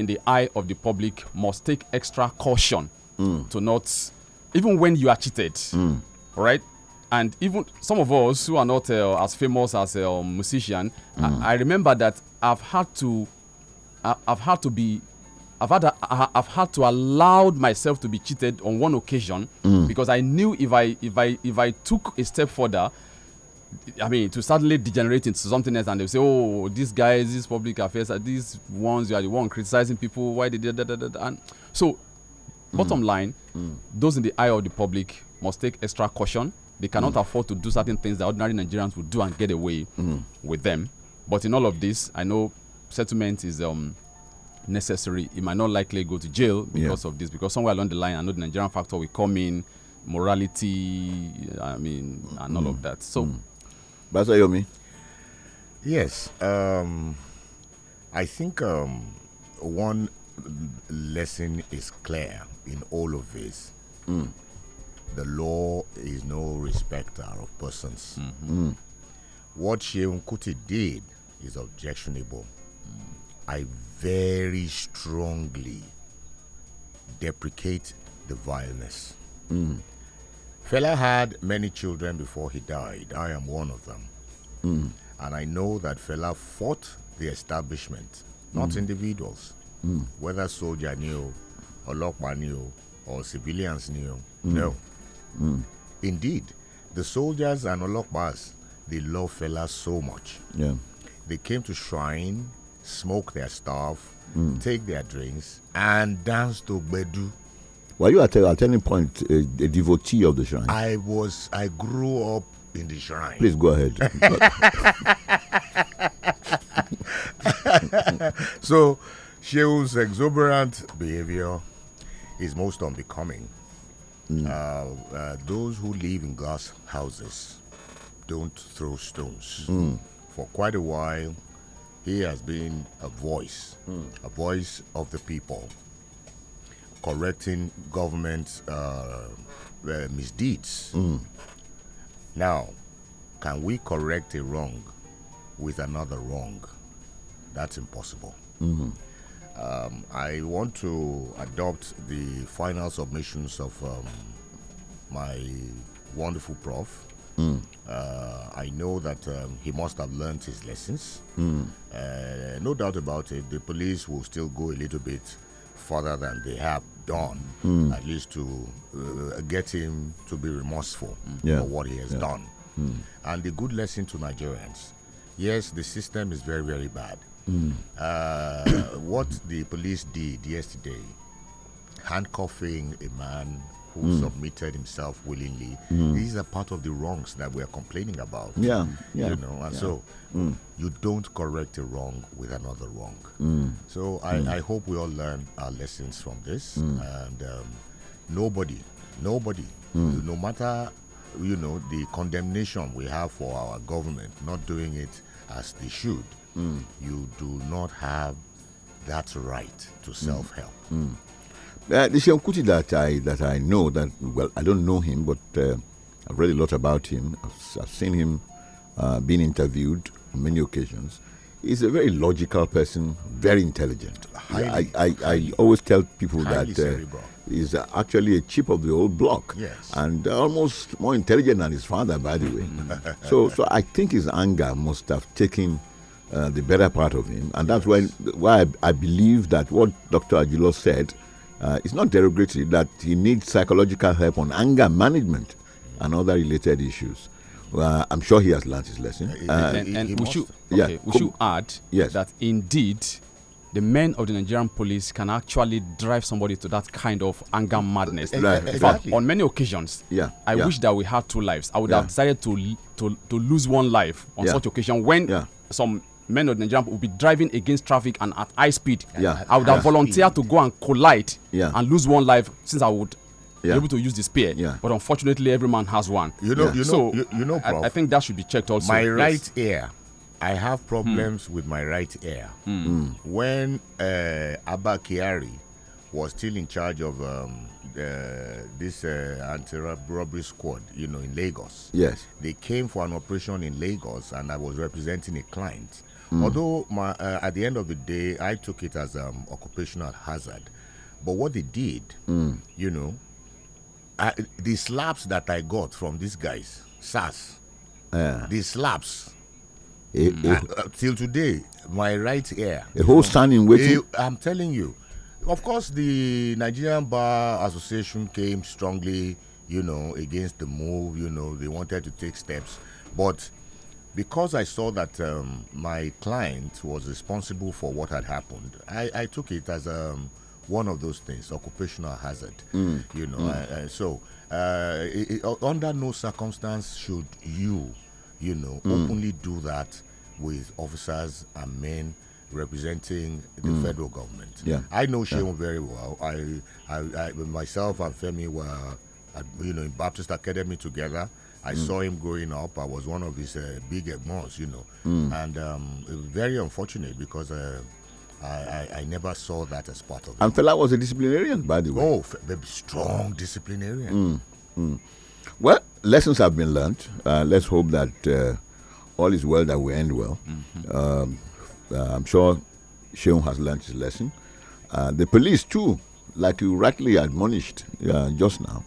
in the eye of the public must take extra caution mm. to not, even when you are cheated, mm. right? And even some of us who are not uh, as famous as a uh, musician, mm. I, I, remember that I've had to, I, I've had to be. I've had, a, I've had to allow myself to be cheated on one occasion mm. because I knew if I if I if I took a step further, I mean, to suddenly degenerate into something else, and they say, "Oh, these guys, these public affairs, are uh, these ones you are the one criticizing people. Why did that?" that. And so, mm. bottom hmm. line, mm. those in the eye of the public must take extra caution. They cannot mm. afford to do certain things that ordinary Nigerians would do and get away hmm. with them. But in all of this, I know settlement is um, necessary. He might not likely go to jail because yeah. of this, because somewhere along the line, I know the Nigerian factor will come in, morality, I mean, and all of hmm. that. So yomi. Yes. Um, I think um, one lesson is clear in all of this. Mm. The law is no respecter of persons. Mm-hmm. Mm -hmm. What Sheun Kuti did is objectionable. Mm. I very strongly deprecate the vileness. Mm. Fela had many children before he died. I am one of them. Mm. And I know that Fela fought the establishment, not mm. individuals, mm. whether soldier knew, or Lokman knew, or civilians knew. Hmm. No. Hmm. Indeed, the soldiers and Olokbas, they love Fela so much. Yeah. They came to shrine, smoke their stuff, hmm. take their drinks, and dance to Bedu. Were you at, a, at any point a, a, devotee of the shrine? I was. I grew up in the shrine. Please go ahead. so, Sheol's exuberant behavior is most unbecoming. Mm. Uh, uh, those who live in glass houses don't throw stones. Mm. For quite a while, he has been a voice, mm. a voice of the people correcting government uh, uh, misdeeds. Mm. Now, can we correct a wrong with another wrong? That's impossible. Mm -hmm. um, I want to adopt the final submissions of um, my wonderful prof. Mm. Uh, I know that um, he must have learned his lessons. Mm. Uh, no doubt about it, the police will still go a little bit further than they have done, mm. at least to uh, get him to be remorseful hmm. yeah. for what he has yeah. done. Mm. And the good lesson to Nigerians yes, the system is very, very bad. Mm. Uh, what the police did yesterday, handcuffing a man who mm. submitted himself willingly. Mm. These are part of the wrongs that we are complaining about. Yeah, yeah. You know, and yeah. so mm. you don't correct a wrong with another wrong. Mm. So I, mm. I, hope we all learn our lessons from this. Mm. And um, nobody, nobody, no matter you know the condemnation we have for our government not doing it as they should, you do not have that right to self help. Uh, this young Kuti that I that I know that well, I don't know him, but uh, I've read a lot about him. I've, I've seen him uh, being interviewed on many occasions. He's a very logical person, very intelligent. Highly, I, I, I always tell people that uh, he's actually a chip of the old block, yes. and almost more intelligent than his father, by the way. so, so I think his anger must have taken. Uh, the better part of him, and yes. that's why why I, believe that what Dr. Aguilar said uh, it's not derogatory that he needs psychological help on anger management and other related issues. Uh, I'm sure he has learned his lesson. Uh, and, and we, should, okay, yeah. we should add yes. that indeed the men of the Nigerian police can actually drive somebody to that kind of anger madness. Exactly. In fact, on many occasions, yeah. I yeah. wish that we had two lives. I would yeah. have decided to, to to lose one life on such occasion when some men of Nigeria will be driving against traffic and at high speed. Yeah. I would have volunteered to go and collide yeah. and lose one life since I would yeah. be able to use the spear. Yeah. But unfortunately, every man has one. You know, yeah. you know, so you, you know, Prof, I, I, think that should be checked also. My yes. right ear, I have problems mm. with my right ear. Mm. Mm. When uh, Abba Kiari was still in charge of um, uh, this uh, anti-robbery squad, you know, in Lagos. Yes. They came for an operation in Lagos, and I was representing a client. Mm. Although my, uh, at the end of the day, I took it as um, occupational hazard. But what they did, mm. you know, I, the slaps that I got from these guys, SAS, yeah. the slaps. Mm. Uh, uh, till today, my right ear. A whole standing waiting. Eh, I'm telling you. Of course, the Nigerian Bar Association came strongly, you know, against the move. You know, they wanted to take steps, but because I saw that um, my client was responsible for what had happened, I, I took it as um, one of those things, occupational hazard. Mm. You know, mm. so uh, it, it, under no circumstance should you, you know, mm. openly do that with officers and men representing the mm. federal government. Yeah. I know Shimon yeah. very well. I, I, I, myself and Femi were, at, you know, in Baptist Academy together. I mm. saw him growing up. I was one of his uh, big egmons, you know, mm. and um, very unfortunate because uh, I, I, I, never saw that as part of it. And Fela was a disciplinarian, by the way. Oh, a strong disciplinarian. Mm, mm. Well, lessons have been learned. Uh, let's hope that uh, all is well that we end well. -hmm. Um, uh, I'm sure Sheung has learned his lesson. Uh, the police too, like you rightly admonished just now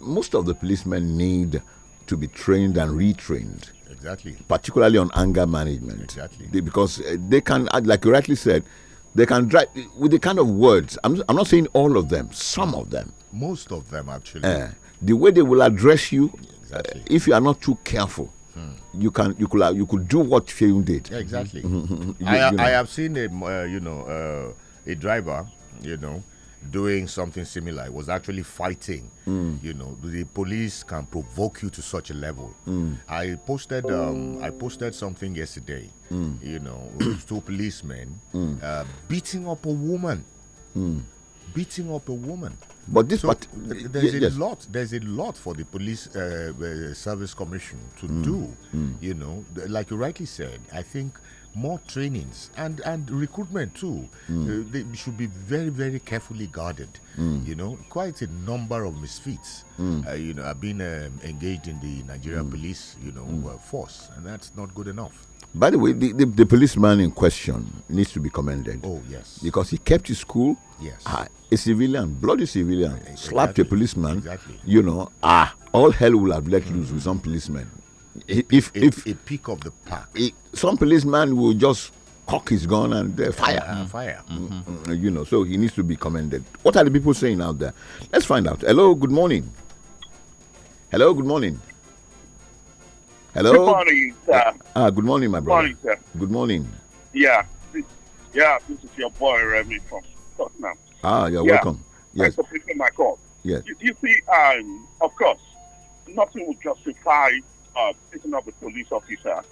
most of the policemen need to be trained and retrained. Exactly. Particularly on anger management. Exactly. They, because uh, they can, uh, like you rightly said, they can drive with the kind of words. I'm, I'm not saying all of them, some of them. Most of them, actually. Uh, the way they will address you, exactly. uh, if you are not too careful. Hmm. You can you could uh, you could do what Feyun did. Yeah, exactly. Mm-hmm, mm-hmm. you, I, you know. I have seen a uh, you know a driver you know doing something similar. It was actually fighting. Mm. You know, the police can provoke you to such a level. Mm. I posted um, I posted something yesterday. Mm. You know, two policemen mm. uh, beating up a woman. Mm. Beating up a woman. But this so part, there's yes. a lot. There's a lot for the police uh, uh service commission to mm. do. You know, like you rightly said, I think more trainings and and recruitment too. Mm. Uh, they should be very very carefully guarded. Mm. You know, quite a number of misfits. Mm. Uh, you know, have been um, engaged in the Nigeria hmm. police you know hmm. uh, force, and that's not good enough. By the way, the, the, the, policeman in question needs to be commended. Oh yes, because he kept his cool. Yes, ah, a civilian, bloody civilian, exactly. Eh, slapped a policeman. Exactly. You know, ah, all hell will have let loose with some policemen if, a, if a pick of the pack. It, some policeman will just cock his gun and uh, fire. Mm-hmm. fire. Mm -hmm. Mm -hmm. You know, so he needs to be commended. What are the people saying out there? Let's find out. Hello, good morning. Hello, good morning. Hello. Good morning, sir. Uh, ah, good morning, my brother. Good morning, sir. Good morning. Yeah, this, yeah, this is your boy Remy from Tottenham. Ah, you're yeah. welcome. Yes. Thanks for my call. Yes. You, you see, um, of course, nothing will justify uh, taken up with police officer.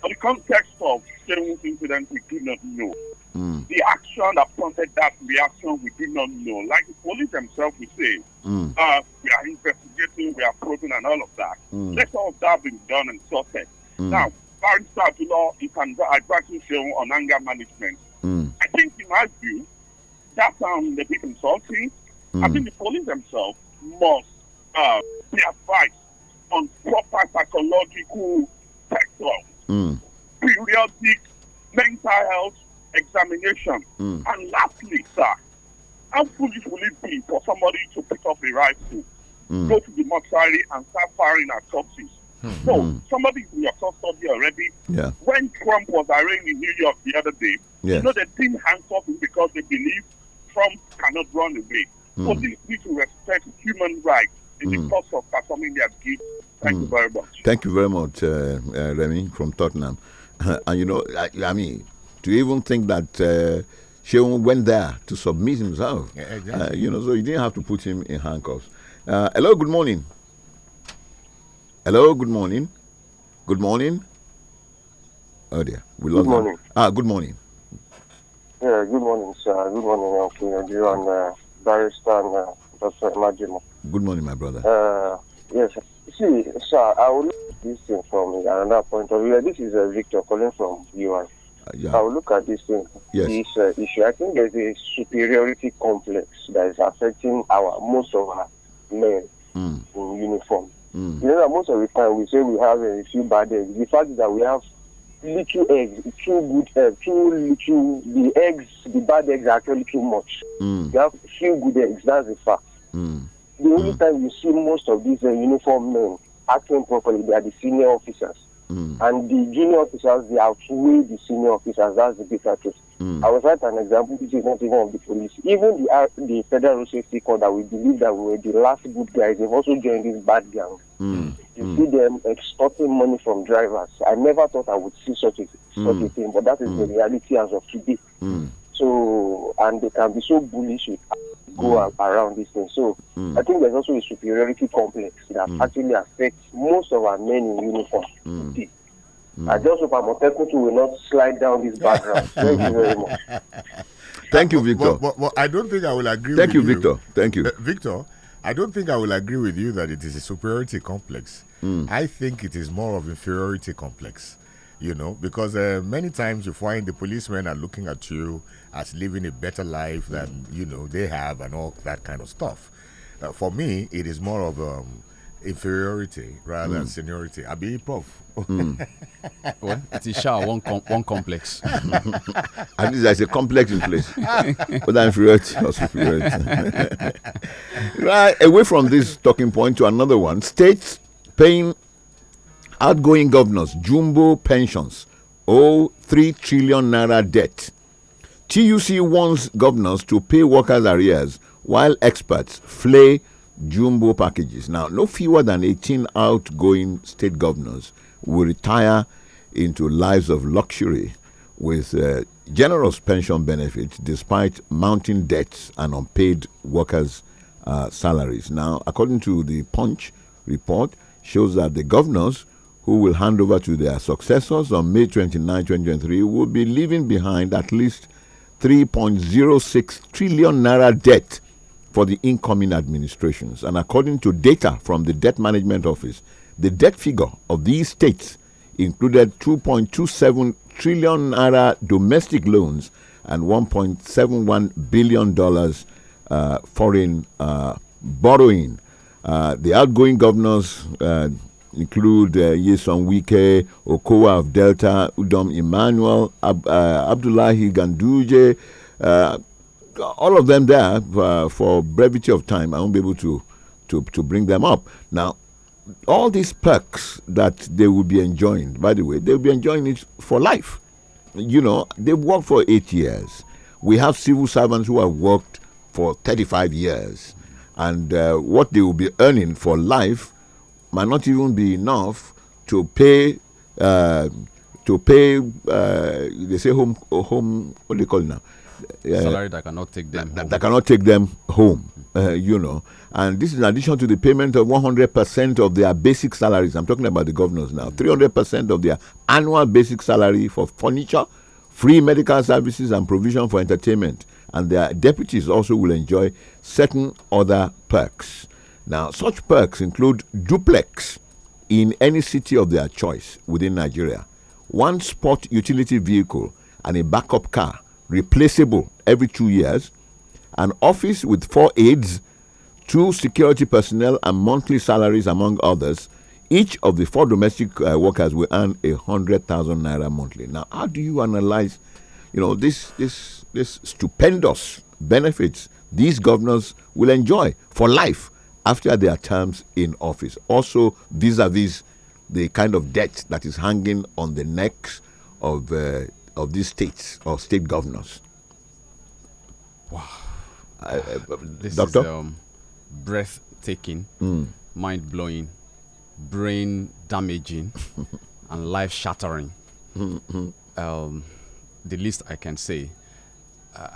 But the context of Shenwu's incident, we do not know. Mm. The action that prompted that reaction, we do not know. Like the police themselves, we say, mm. uh, we are investigating, we are probing, and all of that. Mm. Let all of that be done and sorted. Mm. Now, Barrister Abdullah can advising Shenwu on anger management. Hmm. I think, in my view, that sounds um, a bit insulting. I hmm. think the police themselves must uh, be advised on proper psychological spectrum, mm. periodic mental health examination. Mm. And lastly, sir, how foolish will it be for somebody to pick up a rifle, mm. go to the mortuary and start firing at corpses? Mm. somebody hmm. somebody in your custody already. Yeah. When Trump was arraigned in New York the other day, yes. you know they didn't handcuff him because they believe Trump cannot run away. Mm. So hmm. this need to respect human rights in mm. the course of performing their Thank mm. you very much. Thank you very much, uh, uh, Remy from Tottenham. and you know, I, I, mean, to even think that uh, Sheung went there to submit himself, yeah, uh, exactly. you know, so you didn't have to put him in handcuffs. Uh, hello, good morning. Hello, good morning. Good morning. Oh dear, we love good morning. That. Ah, good morning. Yeah, good morning, sir. Good morning, Uncle okay, Nigeria and uh, Barrister and uh, Dr. Imajimo. Good morning, my brother. Uh, yes, see, sir, I will look at this thing from another point of view. This is uh, Victor calling from UN. Uh, yeah. I will look at this thing. Yes. This uh, issue. I think there's a superiority complex that is affecting our most of our men mm. in uniform. Mm. You know, most of the time we say we have uh, a few bad eggs. The fact is that we have little eggs, too good eggs, uh, too little. The eggs, the bad eggs are actually too much. Mm. We have few good eggs. That's the fact. Mm the only mm. time you see most of these uh, uniformed men acting properly, they are the senior officers. Mm. And the junior officers, they outweigh the senior officers. That's the bitter truth. Mm. I was at an example, which is not even of the police. Even the, uh, the Federal Safety Corps that we believe that we were the last good guys, they've also joined this bad gang. Mm. You hmm. see them extorting money from drivers. I never thought I would see such a, hmm. such a thing, but that is the hmm. reality as of today. So, and they can be so bullish with go mm. around this thing. So mm. I think there's also a superiority complex that mm. actually affects most of our men in uniform. Mm. I just hope Amotekun will not slide down this background. Thank you very much. Thank you, Victor. But, but, but, I don't think I will agree Thank you, you, Victor. Thank you. Uh, Victor, I don't think I will agree with you that it is a superiority complex. Mm. I think it is more of inferiority complex, you know, because uh, many times you find the policemen are looking at you as living a better life mm. than you know they have and all that kind of stuff. Uh, for me, it is more of um, inferiority rather mm. than seniority. I be prof. mm. well, it is sure one com one complex. At least there's a complex in place. Whether inferiority or superiority. right, away from this talking point to another one. States paying outgoing governors jumbo pensions owe three trillion naira debt. TUC wants governors to pay workers' arrears while experts flay jumbo packages. Now, no fewer than 18 outgoing state governors will retire into lives of luxury with uh, generous pension benefits despite mounting debts and unpaid workers' uh, salaries. Now, according to the Punch report, shows that the governors who will hand over to their successors on May 29, 2023 will be leaving behind at least 3.06 trillion naira debt for the incoming administrations. And according to data from the Debt Management Office, the debt figure of these states included 2.27 trillion naira domestic loans and 1.71 billion dollars uh, foreign uh, borrowing. Uh, the outgoing governors uh, include uh, Yeson Wike, Okowa of Delta, Udom Emmanuel, Ab uh, Abdullahi Ganduje, uh, all of them there uh, for brevity of time. I won't be able to, to, to bring them up. Now, all these perks that they will be enjoying, by the way, they'll be enjoying it for life. You know, they've worked for eight years. We have civil servants who have worked for 35 years. And uh, what they will be earning for life might not even be enough to pay uh, to pay uh, they say home home what do you call it now uh, salary that cannot take them that, that cannot take them home uh, you know and this is in addition to the payment of 100% of their basic salaries i'm talking about the governors now 300% of their annual basic salary for furniture free medical services and provision for entertainment and their deputies also will enjoy certain other perks now, such perks include duplex in any city of their choice within Nigeria, one sport utility vehicle and a backup car, replaceable every two years, an office with four aides, two security personnel, and monthly salaries, among others. Each of the four domestic uh, workers will earn a hundred thousand naira monthly. Now, how do you analyze, you know, this this this stupendous benefits these governors will enjoy for life? after their terms in office. Also, vis a vis the kind of debt that is hanging on the necks of, uh, of these states or state governors. Wow. Uh, this doctor? is um, breathtaking, mm. mind blowing, brain damaging, and life shattering. Mm -hmm. um, the least I can say.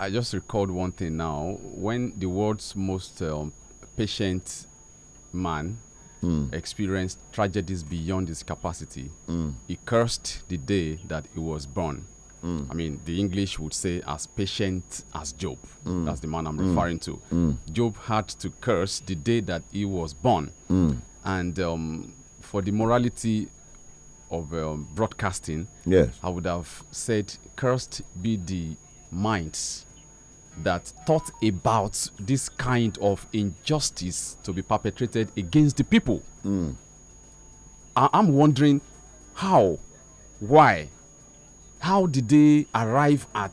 I just recalled one thing now. When the world's most um, patient man mm. experienced tragedies beyond his capacity. Mm. He cursed the day that he was born. Mm. I mean, the English would say as patient as Job. Hmm. That's the man I'm hmm. referring to. Hmm. Job had to curse the day that he was born. And um, for the morality of um, broadcasting, yes. I would have said, cursed be the minds that thought about this kind of injustice to be perpetrated against the people. Mm. I- am wondering how, why, how did they arrive at?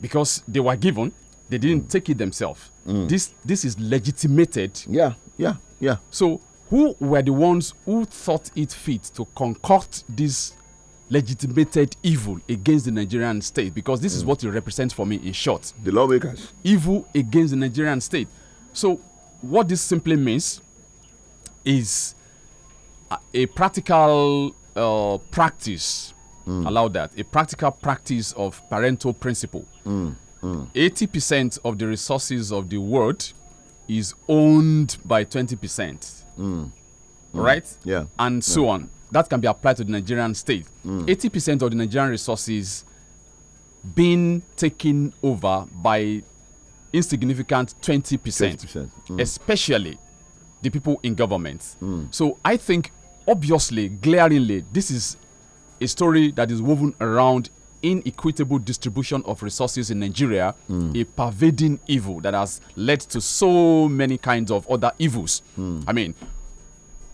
Because they were given, they didn't mm. take it themselves. Mm. This this is legitimated. Yeah, yeah, yeah. So who were the ones who thought it fit to concoct this legitimated evil against the Nigerian state because this mm. is what it represents for me in short. The lawmakers. Evil against the Nigerian state. So, what this simply means is a, a practical uh, practice, mm. allow that, a practical practice of parental principle. 80% mm, mm. of the resources of the world is owned by 20%. Mm, mm. Right? Yeah. And so on that can be applied to the Nigerian state. Mm. Eighty percent of the Nigerian resources being taken over by insignificant twenty percent, mm. especially the people in government. Mm. So I think, obviously, glaringly, this is a story that is woven around inequitable distribution of resources in Nigeria, mm. a pervading evil that has led to so many kinds of other evils. Mm. I mean,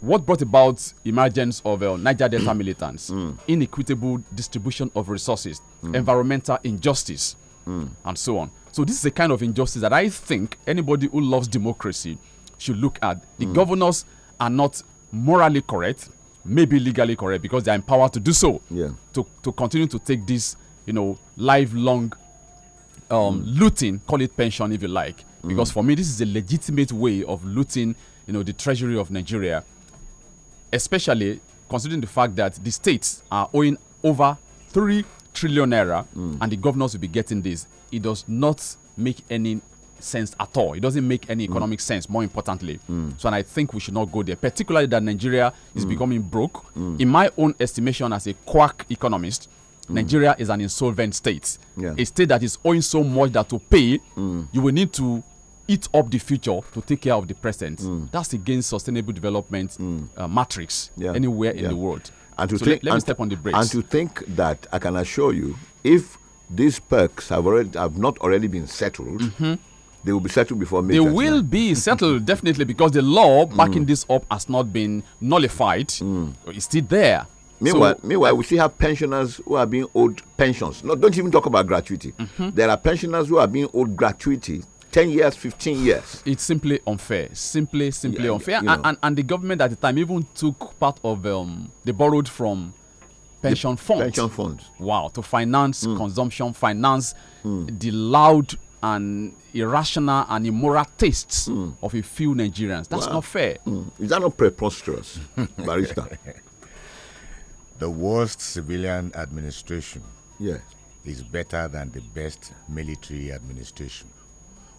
what brought about emergence of uh, Niger Delta militants? Mm. Inequitable distribution of resources, mm. environmental injustice, mm. and so on. So this is a kind of injustice that I think anybody who loves democracy should look at. The mm. governors are not morally correct, maybe legally correct because they are empowered to do so. Yeah. To to continue to take this, you know, lifelong um, mm. looting, call it pension if you like. Mm. Because for me, this is a legitimate way of looting, you know, the treasury of Nigeria especially considering the fact that the states are owing over 3 trillion naira mm. and the governors will be getting this. It does not make any sense at all. It doesn't make any hmm. economic mm. sense, more importantly. Mm. So, and I think we should not go there, particularly that Nigeria is mm. becoming broke. Hmm. In my own estimation, as a quack economist, hmm. Nigeria is an insolvent state. Yeah. A state that is owing so much that to pay, you will need to eat up the future to take care of the present. Mm. That's against sustainable development mm. uh, matrix yeah. anywhere yeah. in the world. And to so think, let, let me step on the brakes. And to think that I can assure you, if these perks have already have not already been settled. Mm -hmm. They will be settled before May. They will be settled definitely because the law backing mm. this up has not been nullified. Mm. It's still there. Meanwhile, so, meanwhile, we still have pensioners who are being owed pensions. No, don't even talk about gratuity. Mm -hmm. There are pensioners who are being owed gratuity 10 years, 15 years. It's simply unfair. Simply, simply yeah, unfair. and, and, and, the government at the time even took part of um, borrowed from pension funds. Pension funds. Wow, to finance mm. consumption, finance mm. the loud and irrational and immoral tastes mm. of a few Nigerians. That's wow. not fair. Hmm. Is that not preposterous, Barista? The worst civilian administration is better than the best military administration.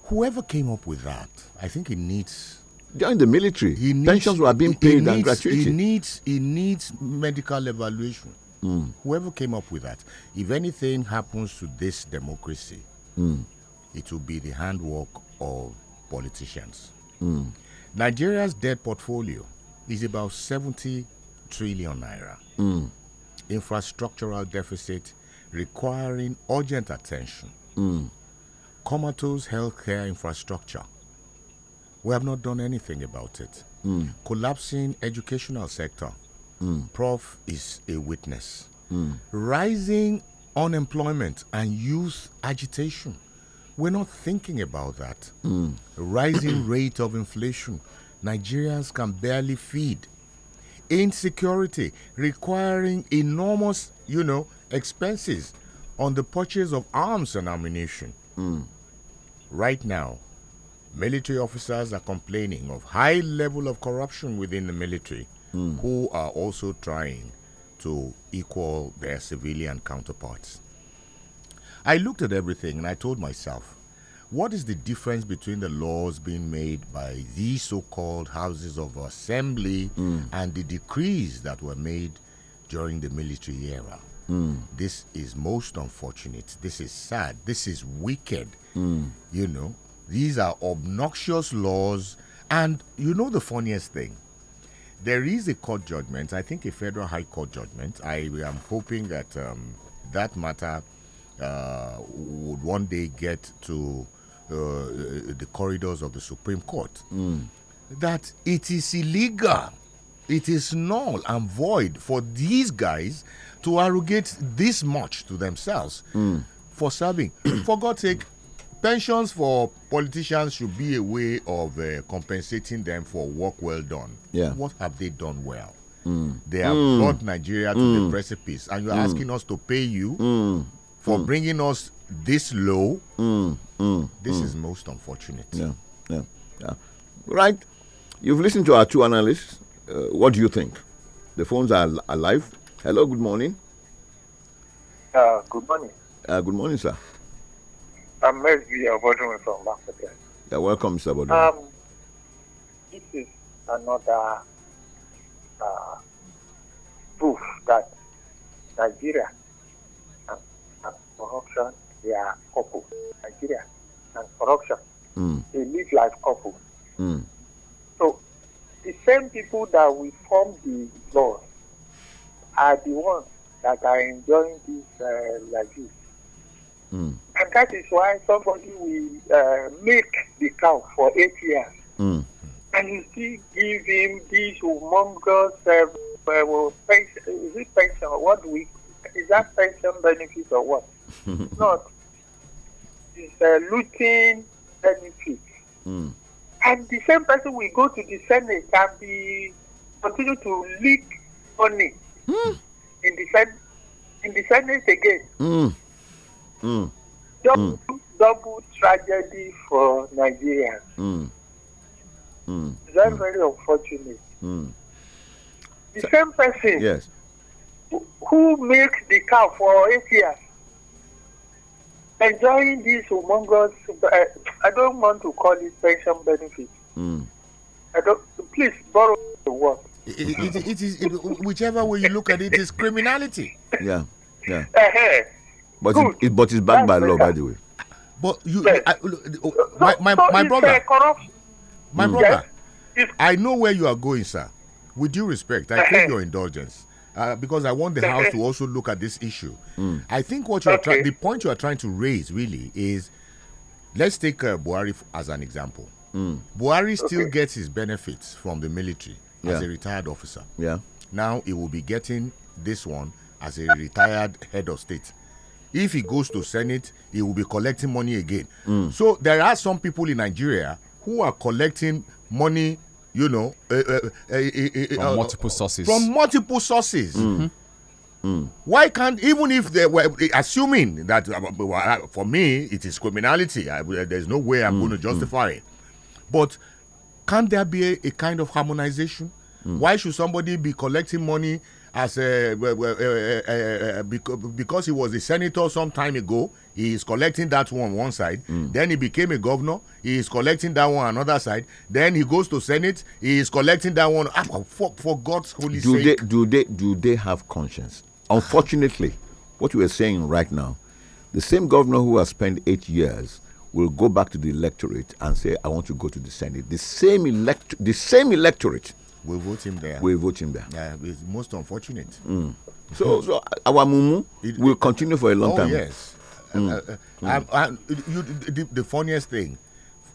Whoever came up with that, I think he needs. Join the military, he needs, pensions were being paid needs, and gratuity. He needs, he needs medical evaluation. Mm. Whoever came up with that, if anything happens to this democracy, mm. it will be the handwork of politicians. Mm. Nigeria's debt portfolio is about 70 trillion naira. Mm. Infrastructural deficit requiring urgent attention. Mm comatose healthcare infrastructure. We have not done anything about it. Mm. Collapsing educational sector. Mm. Prof is a witness. Mm. Rising unemployment and youth agitation. We're not thinking about that. Mm. Rising rate of inflation. Nigerians can barely feed. Insecurity requiring enormous, you know, expenses on the purchase of arms and ammunition. Mm. Right now, military officers are complaining of high level of corruption within the military mm. who are also trying to equal their civilian counterparts. I looked at everything and I told myself, what is the difference between the laws being made by these so called houses of assembly mm. and the decrees that were made during the military era? Mm. This is most unfortunate. This is sad. This is wicked. Mm. You know, these are obnoxious laws. And you know the funniest thing? There is a court judgment, I think a federal high court judgment. I am hoping that um, that matter uh, would one day get to uh, the corridors of the Supreme Court. Mm. That it is illegal it is null and void for these guys to arrogate this much to themselves mm. for serving. for God's sake, Pensions for politicians should be a way of uh, compensating them for work well done. Yeah. What have they done well? Mm. They have mm. brought Nigeria to mm. the precipice, and you're mm. asking us to pay you mm. Mm. for bringing us this low. This is most unfortunate. Yeah. yeah, yeah, Right. You've listened to our two analysts. Uh, what do you think? The phones are alive. Hello. Good morning. Uh, good morning. Uh, good morning, sir. I'm Mesby Abodun from Africa. You're welcome, Mr. Abodun. Um, this is another uh, proof that Nigeria and, and corruption they are couple. Nigeria and corruption mm. they live like couple. Mm. So the same people that we form the laws are the ones that are enjoying this uh, like this. Mm. And that is why somebody will uh, the cow for eight years. Mm. And you still give him these humongous uh, uh, pension. Is it pension? What we? Is that pension benefit or what? it's not. It's a looting benefit. Mm. And the same person will go to the Senate and be continue to leak money mm. in the Senate in the Senate again. Mm. Mm. Double, mm. double tragedy for Nigerians. Mm. Mm. That's mm. very unfortunate. Mm. The so, same person yes. who, milked the cow for eight years, enjoying this humongous, uh, I don't want to call it pension benefit. Mm. I don't, please borrow the word. It, it, it, it is, whichever way you look at it, is criminality. Yeah, yeah. Uh-huh. But it, but it's backed by law, by the way. But you, yes. I, oh, my my, so my brother, my mm. brother, yes. I know where you are going, sir. With due respect, I take uh-huh. your indulgence. Uh, because I want the House to uh-huh. also look at this issue. Mm. I think what you are okay. the point you are trying to raise really is, let's take uh, Buhari as an example. Mm. Buhari still okay. gets his benefits from the military yeah. as a retired officer. Yeah. Now he will be getting this one as a retired head of state if he goes to senate he will be collecting money again mm. so there are some people in nigeria who are collecting money you know eh, eh, eh, uh, uh, uh, from multiple sources from multiple sources mm -hmm. Why can't even if they were assuming that uh, uh, uh, for me it is criminality? I, there's no way I'm mm. going to hmm. justify mm. it. But can't there be a, a kind of harmonization? Hmm. Why should somebody be collecting money as a, eh, eh, eh, because he was a senator some time ago he is collecting that one one side mm. then he became a governor he is collecting that one another side then he goes to senate he is collecting that one ah, for, for god's holy do sake. they do they do they have conscience unfortunately what you are saying right now the same governor who has spent eight years will go back to the electorate and say i want to go to the senate the same elect the same electorate we vote him there. We vote him there. Yeah, it's most unfortunate. Mm. So, so our mumu it, will continue for a long oh, time. Yes. Mm. Uh, uh mm. I, I, you, the, the, funniest thing,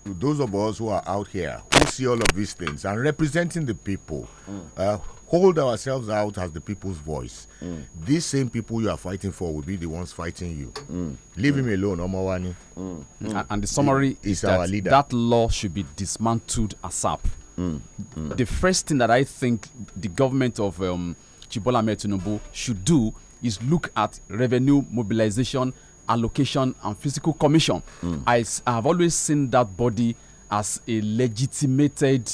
those of us who are out here who see all of these things and representing the people, mm. uh, hold ourselves out as the people's voice. Mm. These same people you are fighting for will be the ones fighting you. Mm. Leave him alone, Omawani. And the summary is, is that leader. that law should be dismantled ASAP Mm, The first thing that I think the government of um, Chibola Tinubu should do is look at revenue mobilization, allocation, and physical commission. Mm. I have always seen that body as a legitimated.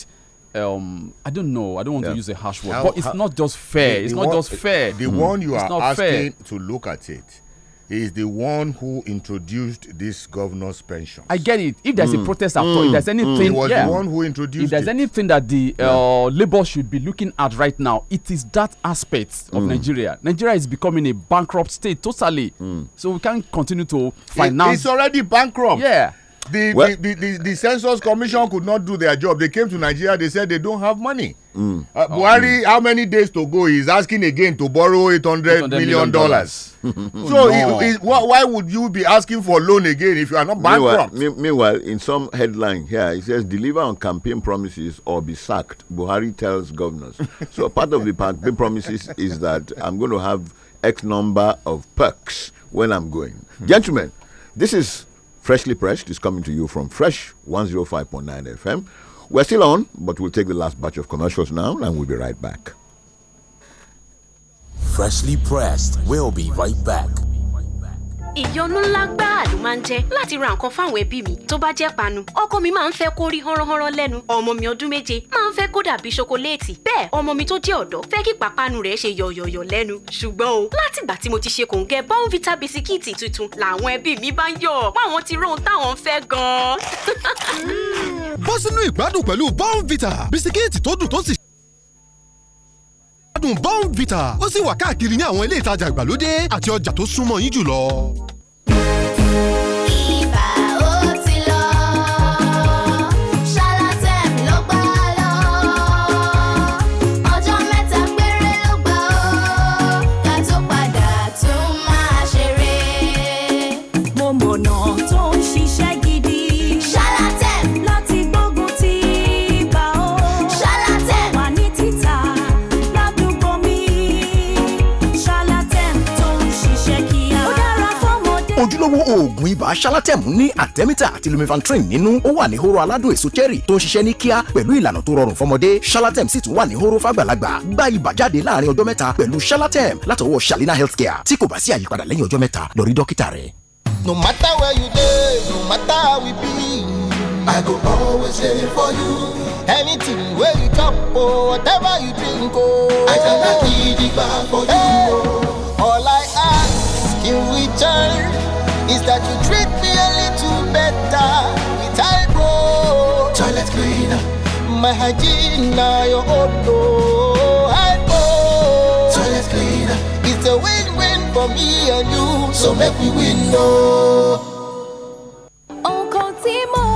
Um, I don't know. I don't want yeah. to use a harsh word, how, but it's how, not just fair. The, it's the not one, just fair. The one you it's are asking fair. to look at it is the one who introduced this governor's pension. I get it. If there's mm. a protest after, mm. if there's mm. anything, mm. yeah. the one who introduced. If there's it. anything that the uh, yeah. labor should be looking at right now, it is that aspect of mm. Nigeria. Nigeria is becoming a bankrupt state totally. Mm. So we can't continue to finance. It, it's already bankrupt. Yeah. The, well, the, the, the, the, census commission could not do their job. They came to Nigeria, they said they don't have money. Mm. Uh, oh, hmm. Buhari, mm. how many days to go? He's asking again to borrow 800, $800 million dollars. so, no. he, he, why would you be asking for loan again if you are not bankrupt? Meanwhile, meanwhile in some headline here, it says deliver on campaign promises or be sacked, Buhari tells governors. so, part of the campaign promises is that I'm going to have X number of perks when I'm going. Hmm. Gentlemen, this is Freshly Pressed is coming to you from Fresh 105.9 FM. We're still on, but we'll take the last batch of commercials now and we'll be right back. Freshly Pressed. We'll be right back. ìyọnu ńlá gbáà ló máa ń jẹ́ láti ra nǹkan fáwọn ẹbí mi tó bá jẹ́ panu ọkọ mi máa ń fẹ́ kó rí hánránhánrán lẹ́nu ọmọ mi ọdún méje máa ń fẹ́ kó dàbí ṣokoléètì bẹ́ẹ̀ ọmọ mi tó jẹ́ ọ̀dọ́ fẹ́ kí pàpánu rẹ̀ ṣe yọ̀yọ̀yọ̀ lẹ́nu ṣùgbọ́n o látìgbà tí mo ti ṣe kòńgẹ́ bọ́ǹvita bisikíìtì tuntun làwọn ẹbí mi bá ń yọ̀ páwọn ti róhun táwọn ń gan bọ́ sínú ìgbádùn pẹ̀lú bọ́ǹvita bisikíìtì tó dùn tó sì adùn bomvita ó sì wà káàkiri ní àwọn ilé ìtajà ìgbàlódé àti ọjà tó súnmọ́ yín jùlọ. ojúlówó oògùn ibà ṣálátẹ̀mù ní àtẹ́mítà àti lumifantrin nínú ó wà ní hóró aládùn èso cherry tó ń ṣiṣẹ́ ní kíá pẹ̀lú ìlànà tó rọrùn fọmọdé ṣálátẹ̀mù sì tún wà ní hóró fàgbàlagbà gba ibà jáde láàrin ọjọ́ mẹ́ta pẹ̀lú ṣálátẹ̀mù látọwọ́ Shalina Healthcare tí kò bá sí àyípadà lẹ́yìn ọjọ́ mẹ́ta lọ rí dókítà rẹ̀. no matter where you dey no matter how we be i go always dey for you anything wey you chop or whatever you drink oh i gada gidigba for you oh all i ask is we return is that you treat me a little better with eyebrow. Toilet cleaner. My hygiene now your own no eyebrow. Toilet cleaner. It's a win-win for me and you, so make we win oh. no. Uncle Timo.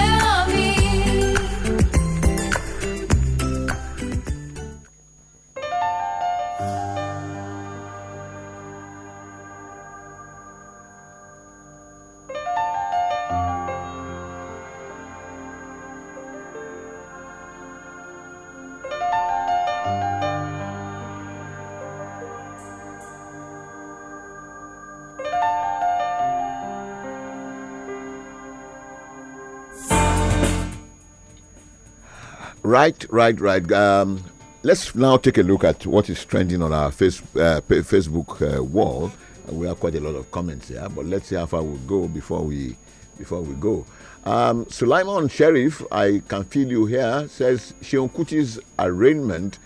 Right, right, right. Um, let's now take a look at what is trending on our face, uh, Facebook uh, wall. Uh, we have quite a lot of comments here, but let's see how far we go before we before we go. Um, Sulaiman Sheriff, I can feel you here, says Shion Kuti's arraignment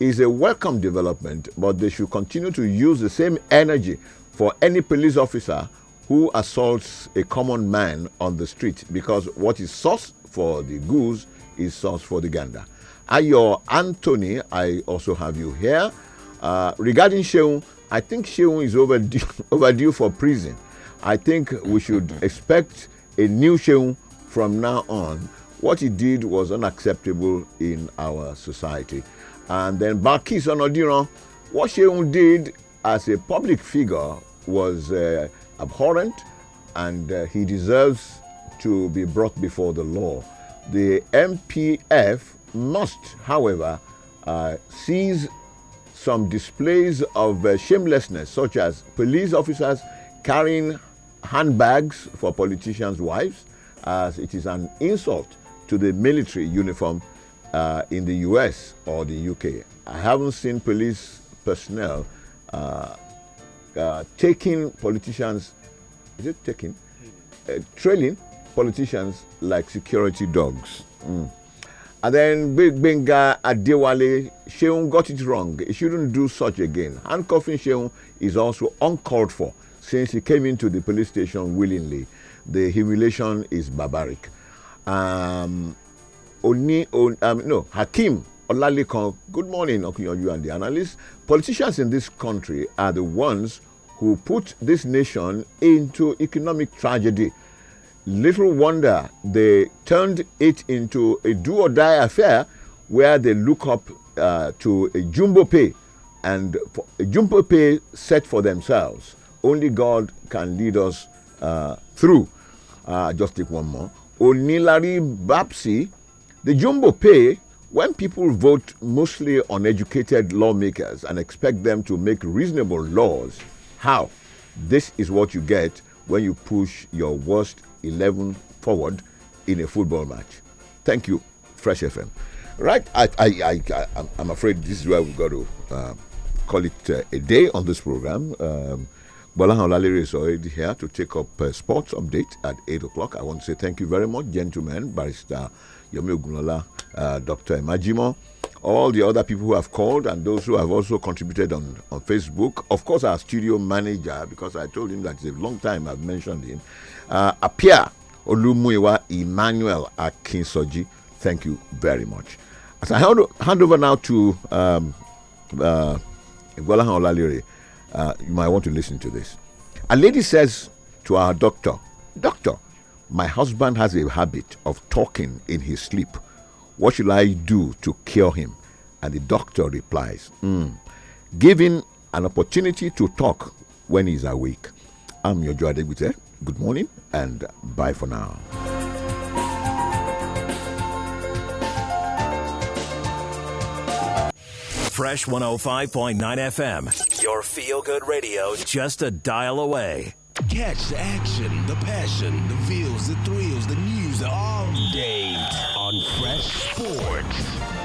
is a welcome development, but they should continue to use the same energy for any police officer who assaults a common man on the street because what is sauce for the goose is source for the Gander. Ayo Anthony, I also have you here. Uh, regarding Sheung, I think Sheung is overdue, overdue for prison. I think we should expect a new Sheung from now on. What he did was unacceptable in our society. And then Bakis Onodiran, what Sheung did as a public figure was uh, abhorrent and uh, he deserves to be brought before the law. The MPF must, however, uh, seize some displays of uh, shamelessness, such as police officers carrying handbags for politicians' wives, as it is an insult to the military uniform uh, in the US or the UK. I haven't seen police personnel uh, uh, taking politicians, is it taking? Uh, trailing politicians like security dogs. Mm. And then Big Benga Adewale, Sheung got it wrong. He shouldn't do such again. Handcuffing Sheung is also uncalled for since he came into the police station willingly. The humiliation is barbaric. Um, Oni, on, um, no, Hakim Olalekan, good morning, you and the analysts. Politicians in this country are the ones who put this nation into economic tragedy Little wonder they turned it into a do or die affair where they look up uh, to a jumbo pay and for, a jumbo pay set for themselves. Only God can lead us uh, through. Uh, just take one more. Onilari Bapsi, the jumbo pay, when people vote mostly on educated lawmakers and expect them to make reasonable laws, how? This is what you get when you push your worst 11 forward in a football match. Thank you, Fresh FM. Right, I, I, I, am afraid this is where we've got to uh, call it uh, a day on this program. Um, Bolahan is already here to take up a uh, sports update at 8 o'clock. I want to say thank you very much, gentlemen, Barrister Yomi Ogunola, uh, Dr. Imajimo, all the other people who have called and those who have also contributed on, on Facebook. Of course, our studio manager, because I told him that it's a long time I've mentioned him, uh, Apia Olumuiwa Emmanuel Akinsoji. Thank you very much. As I hand, hand over now to um, uh, Olalire, uh, you might want to listen to this. A lady says to our doctor, Doctor, my husband has a habit of talking in his sleep. What should I do to cure him? And the doctor replies, mm, Giving an opportunity to talk when he's awake. I'm your Joe Adegbite. Good morning and bye for now. Fresh 105.9 FM, your feel good radio, just a dial away. Catch the action, the passion, the feels, the thrills, the news all day on Fresh Sports.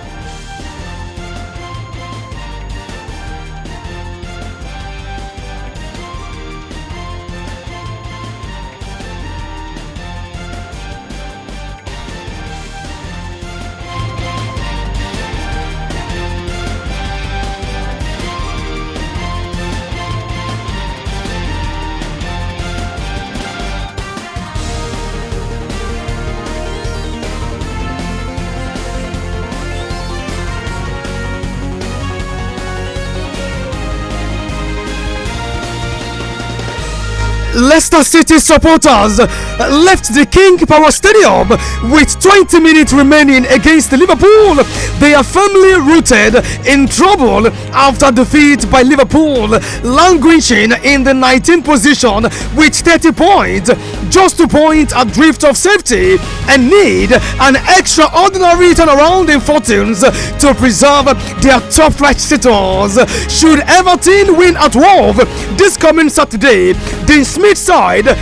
Leicester City supporters left the King Power Stadium with 20 minutes remaining against Liverpool. They are firmly rooted in trouble after defeat by Liverpool, languishing in the 19th position with 30 points, just two points adrift of safety, and need an extraordinary turnaround in fortunes to preserve their top flight status. Should Everton win at Wolves this coming Saturday, Dean Smith inside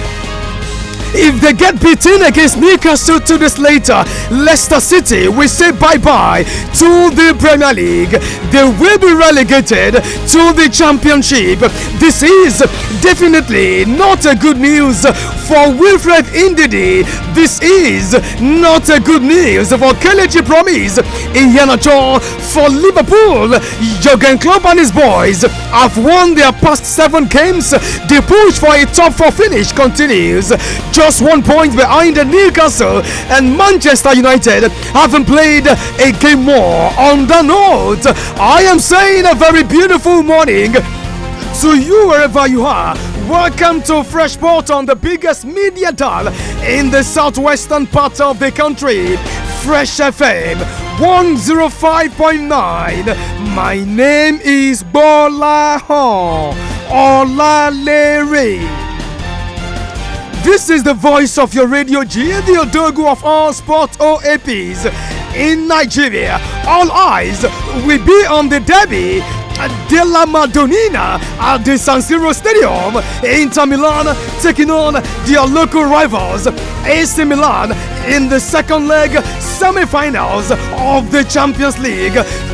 if they get beaten against Newcastle two days later, Leicester City will say bye bye to the Premier League. They will be relegated to the Championship. This is definitely not a good news for Wilfred Indidi. This is not a good news for Kelechi Promise in Yanacho for Liverpool. Jurgen Klopp and his boys have won their past seven games. The push for a top four finish continues just one point behind Newcastle and Manchester United haven't played a game more. On the note, I am saying a very beautiful morning to you wherever you are. Welcome to Freshport on the biggest media dial in the southwestern part of the country. Fresh FM 105.9. My name is Bola Hon Larry. This is the voice of your radio G, the Odogu of all sports OAPs in Nigeria. All eyes will be on the Derby della Madonnina at the San Siro Stadium. Inter Milan taking on their local rivals AC Milan in the second leg semi-finals of the Champions League.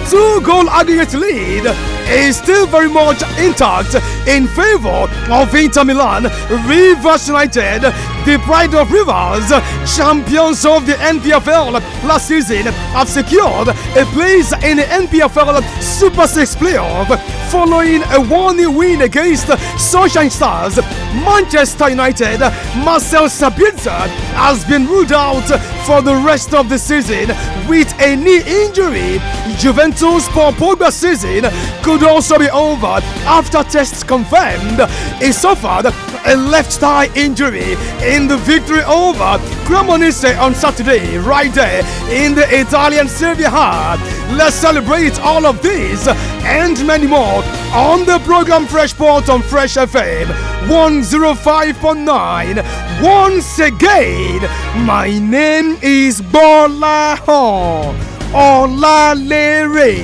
Two-goal aggregate lead is still very much intact in favor of Inter Milan. Rivers United, the pride of Rivers, champions of the NPFL last season, have secured a place in the NPFL Super 6 playoff following a 1 win against Sunshine Stars. Manchester United, Marcel Sabitzer has been ruled out out for the rest of the season with a knee injury. Juventus Paul Pogba season could also be over after tests confirmed he suffered a left thigh injury in the victory over Cremonese on Saturday, right there in the Italian Serie A. Let's celebrate all of this and many more on the program Freshport on Fresh FM 105.9. Once again, my name is Bola Hon Olalere.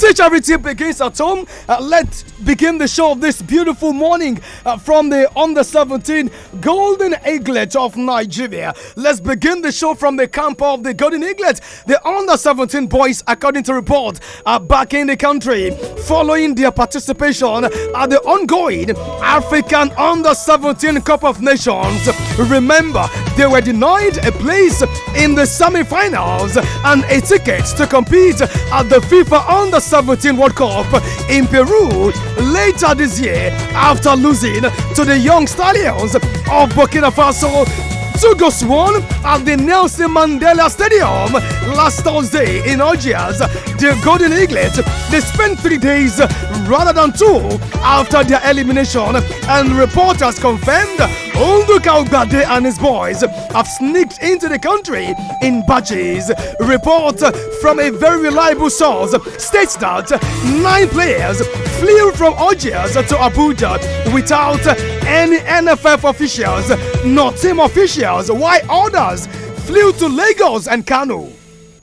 The charity begins at home. Uh, let begin the show of this beautiful morning uh, from the under 17 Golden Eaglet of Nigeria. Let's begin the show from the camp of the Golden Eaglet. The under 17 boys, according to report, are back in the country following their participation at the ongoing African under 17 Cup of Nations. Remember, they were denied a place in the semi finals and a ticket to compete at the FIFA Under 17 World Cup in Peru later this year after losing to the Young Stallions of Burkina Faso Togo's won at the Nelson Mandela Stadium last Thursday in Algiers. The Golden Eaglet, they spent three days rather than two after their elimination, and reporters confirmed the Bade and his boys have sneaked into the country in batches. Report from a very reliable source states that nine players flew from Algiers to Abuja without any NFF officials, not team officials why while others flew to Lagos and Kano.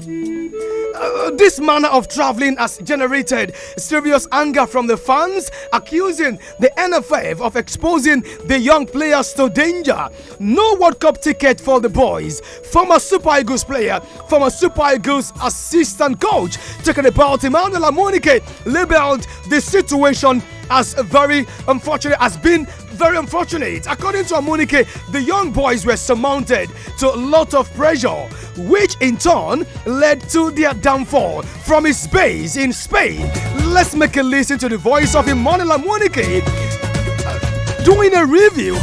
Uh, this manner of traveling has generated serious anger from the fans, accusing the NFF of exposing the young players to danger. No World Cup ticket for the boys. Former Super Eagles player, former Super Eagles assistant coach, talking about Emmanuel Amonike, labeled the situation as very unfortunate, has been very unfortunate. According to Amunike, the young boys were surmounted to a lot of pressure, which in turn led to their downfall from his base in Spain. Let's make a listen to the voice of Emmanuel Amunike uh, doing a review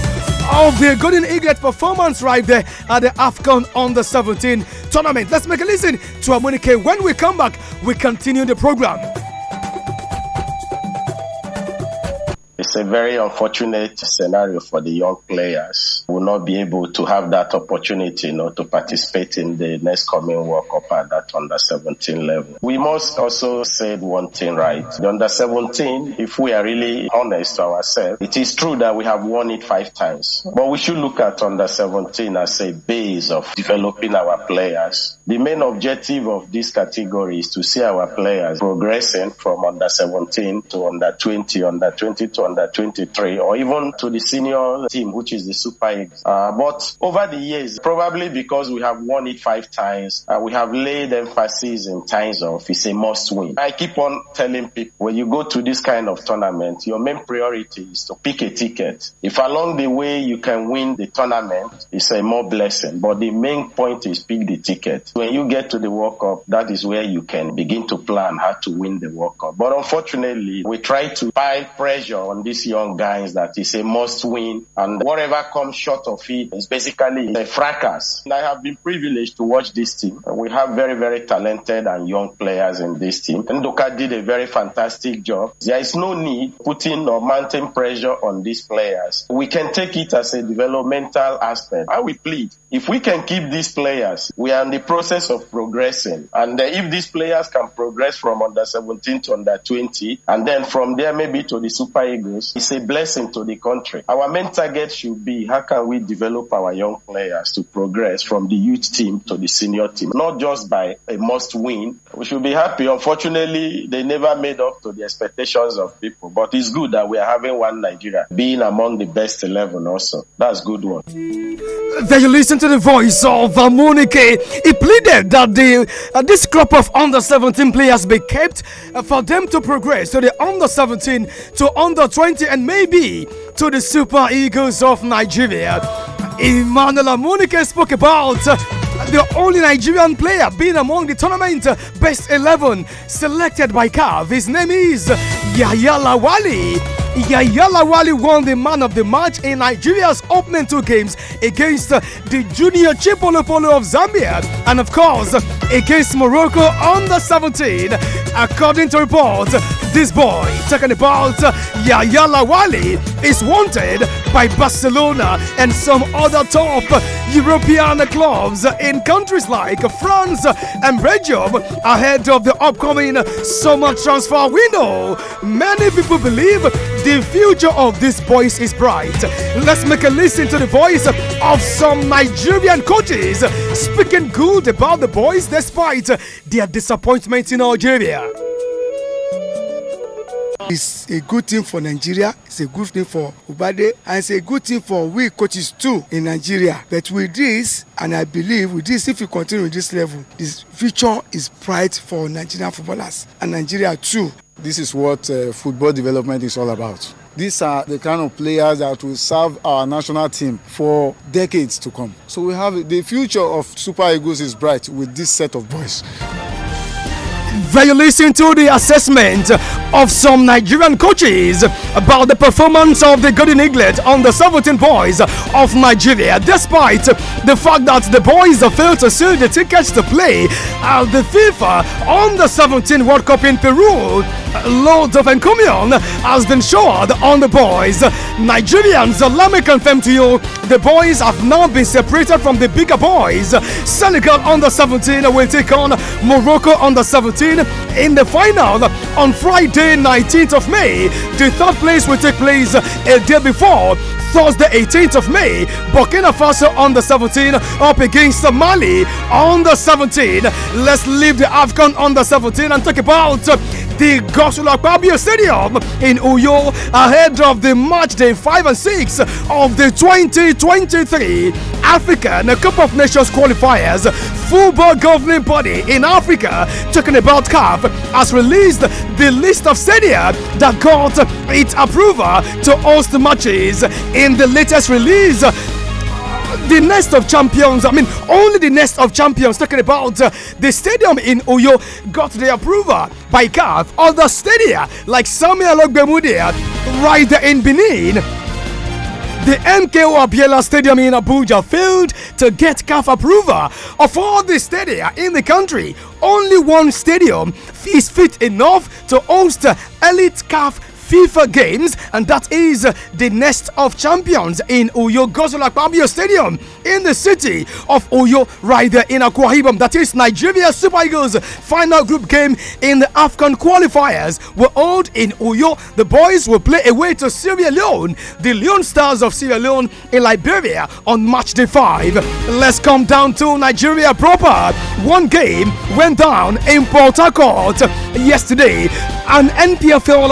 of the Golden Eaglet performance right there at the AFCON Under 17 tournament. Let's make a listen to Amunike. When we come back, we continue the program. it's a very unfortunate scenario for the young players will not be able to have that opportunity, you know, to participate in the next coming World Cup at that under 17 level. We must also say one thing right. The under 17, if we are really honest to ourselves, it is true that we have won it five times, but we should look at under 17 as a base of developing our players the main objective of this category is to see our players progressing from under 17 to under 20, under 20 to under 23, or even to the senior team, which is the Super Eagles. Uh, but over the years, probably because we have won it five times, uh, we have laid emphasis in times of it's a must win. I keep on telling people when you go to this kind of tournament, your main priority is to pick a ticket. If along the way you can win the tournament, it's a more blessing. But the main point is pick the ticket. When you get to the World Cup, that is where you can begin to plan how to win the World Cup. But unfortunately, we try to pile pressure on these young guys that is a must win, and whatever comes short of it is basically a fracas. I have been privileged to watch this team. We have very, very talented and young players in this team. Ndoka did a very fantastic job. There is no need putting or mounting pressure on these players. We can take it as a developmental aspect. I will plead if we can keep these players, we are in the process of progressing. And uh, if these players can progress from under 17 to under 20, and then from there maybe to the Super Eagles, it's a blessing to the country. Our main target should be how can we develop our young players to progress from the youth team to the senior team, not just by a must win. We should be happy. Unfortunately, they never made up to the expectations of people, but it's good that we are having one Nigeria being among the best 11 also. That's good one. There you listen to to the voice of uh, He pleaded that the, uh, this crop of under 17 players be kept uh, for them to progress to the under 17, to under 20, and maybe to the Super Eagles of Nigeria. Emmanuel Amunike spoke about. Uh, the only Nigerian player being among the tournament uh, best 11 selected by CAF. His name is Yaya Wali. Yayalawali won the man of the match in Nigeria's opening two games against the junior Chipolopolo of Zambia and of course against Morocco on the 17th. According to reports, this boy, talking about Yaya Lawali, is wanted by Barcelona and some other top European clubs in countries like France and Belgium ahead of the upcoming summer transfer window. Many people believe the future of this voice is bright. Let's make a listen to the voice of some Nigerian coaches speaking good about the boys despite their disappointment in Algeria. It's a good thing for Nigeria. It's a good thing for Ubade. And it's a good thing for we coaches too in Nigeria. But with this, and I believe with this, if we continue with this level, the future is bright for Nigerian footballers and Nigeria too. This is what uh, football development is all about. These are the kind of players that will serve our national team for decades to come. So we have the future of Super Eagles is bright with this set of boys. Then you listen to the assessment of some Nigerian coaches about the performance of the Golden Eaglet on the 17 boys of Nigeria. Despite the fact that the boys failed to sell the tickets to play at the FIFA on the 17 World Cup in Peru, Lord of encomium has been showered on the boys. Nigerians, let me confirm to you, the boys have now been separated from the bigger boys. Senegal under 17 will take on Morocco under 17 in the final on Friday, 19th of May. The third place will take place a uh, day before Thursday, 18th of May, Burkina Faso on the 17, up against Mali on the 17. Let's leave the AFCON on the 17 and talk about the Gosula Akpabio Stadium in Uyo ahead of the match day 5 and 6 of the 2023 African Cup of Nations qualifiers. Football governing body in Africa, talking about CAF, has released the list of stadia that got its approval to host matches in in the latest release. The nest of champions, I mean, only the nest of champions, talking about uh, the stadium in Uyo, got the approval by CAF. Other stadia like Samuel Ogbemudia, right there in Benin, the MKO Abiela Stadium in Abuja failed to get CAF approval of all the stadia in the country. Only one stadium is fit enough to host elite CAF FIFA Games, and that is the Nest of Champions in Uyo Gosola Kpabio Stadium in the city of Uyo, right there in Akwa Ibom. That is Nigeria Super Eagles' final group game in the Afghan qualifiers were held in Uyo. The boys will play away to Sierra Leone, the Leone Stars of Sierra Leone in Liberia on March day 5. Let's come down to Nigeria proper. One game went down in Port Harcourt yesterday. An NPFL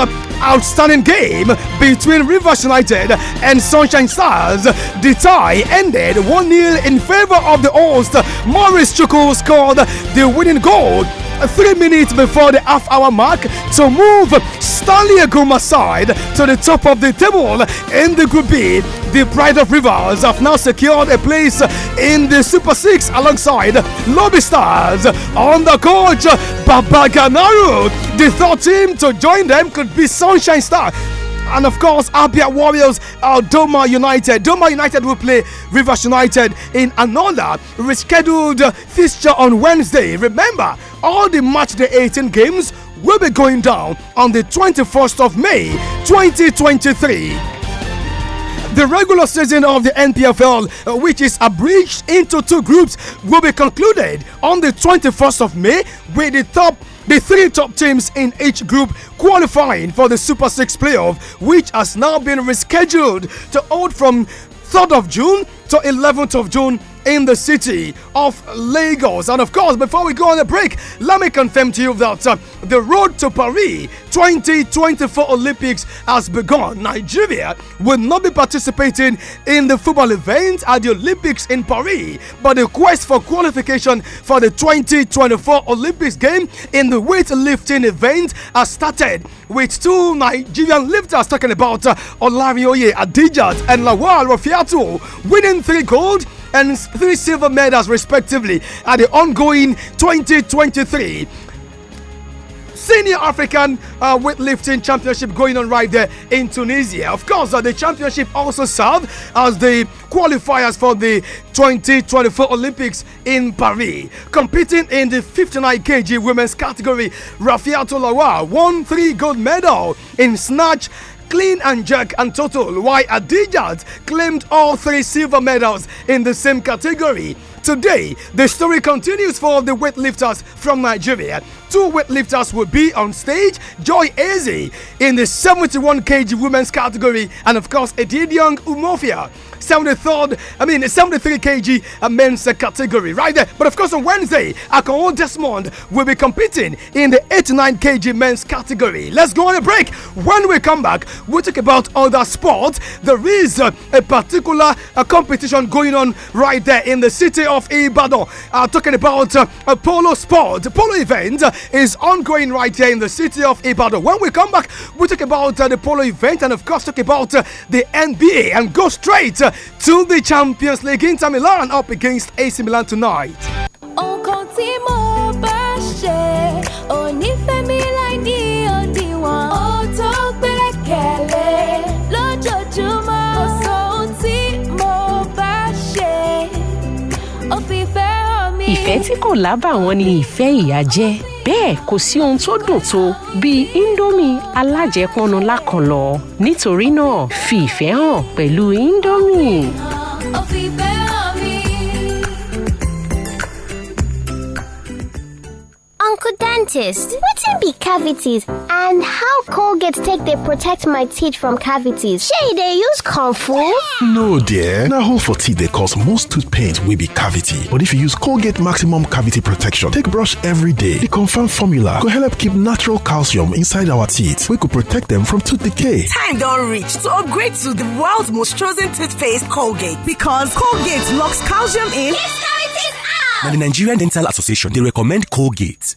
outside stunning game between Rivers United and Sunshine Stars. The tie ended 1 0 in favor of the host. Maurice Chukwu scored the winning goal three minutes before the half hour mark to move Stanley Aguma side to the top of the table in the Group B. The Pride of Rivers have now secured a place in the Super Six alongside Lobby Stars on the coach Babaganaro. The third team to join them could be Sunshine Star. And of course, Abia Warriors are uh, Doma United. Doma United will play Rivers United in another rescheduled fixture on Wednesday. Remember, all the match day 18 games will be going down on the 21st of May 2023 the regular season of the NPFL, uh, which is abridged into two groups, will be concluded on the 21st of May with the top the three top teams in each group qualifying for the Super 6 playoff, which has now been rescheduled to hold from 3rd of June to 11th of June in the city of Lagos. And of course, before we go on a break, let me confirm to you that uh, the road to Paris 2024 Olympics has begun. Nigeria will not be participating in the football event at the Olympics in Paris, but the quest for qualification for the 2024 Olympics game in the weightlifting event has started with two Nigerian lifters talking about uh, Olarioye Adijat and Lawal Rafiatu winning three gold and three silver medals, respectively, at the ongoing 2023 Senior African uh, Weightlifting Championship going on right there in Tunisia. Of course, uh, the championship also served as the qualifiers for the 2024 Olympics in Paris. Competing in the 59 kg women's category, Rafiatou Lawa won three gold medal in snatch Clean and jerk and total, Why Adijat claimed all three silver medals in the same category. Today, the story continues for the weightlifters from Nigeria. Two weightlifters will be on stage Joy Eze in the 71 kg women's category, and of course, Edidiong Umofia 73rd, I mean, 73 kg men's category right there. But of course, on Wednesday, Akon Desmond will be competing in the 89 kg men's category. Let's go on a break. When we come back, we'll talk about other sports. There is a, a particular a competition going on right there in the city of Ibadan. Uh, talking about uh, a polo sport. polo event uh, is ongoing right here in the city of Ibadan. When we come back, we'll talk about uh, the polo event and, of course, talk about uh, the NBA and go straight uh, to the Champions League. Inter Milan up against AC Milan tonight. ìfẹ́ tí kò lábàwọ́n ni ìfẹ́ ìyá jẹ́ bẹ́ẹ̀ kò sí ohun tó dùn tó bíi indomie alájẹpọnu lákànlọ́ nítorí náà fi ìfẹ́ hàn pẹ̀lú indomie. local dentist. What can be cavities and how Colgate take they protect my teeth from cavities? Shay, they use use comb No dear, Now, hole for teeth they cause most tooth pains will be cavity. But if you use Colgate maximum cavity protection take brush every day, the confirmed formula go help keep natural calcium inside our teeth We could protect them from tooth decay. Time don't reach to upgrade to the world's most chosen toothpaste Colgate because Colgate locks calcium in. Now, the Nigerian Dental Association, they recommend Colgate.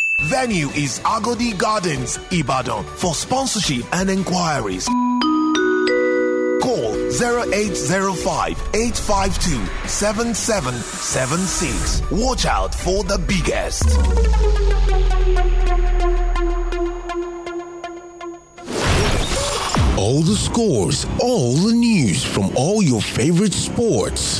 Venue is Agodi Gardens, Ibadan. For sponsorship and inquiries, call 0805 852 7776. Watch out for the biggest. All the scores, all the news from all your favorite sports.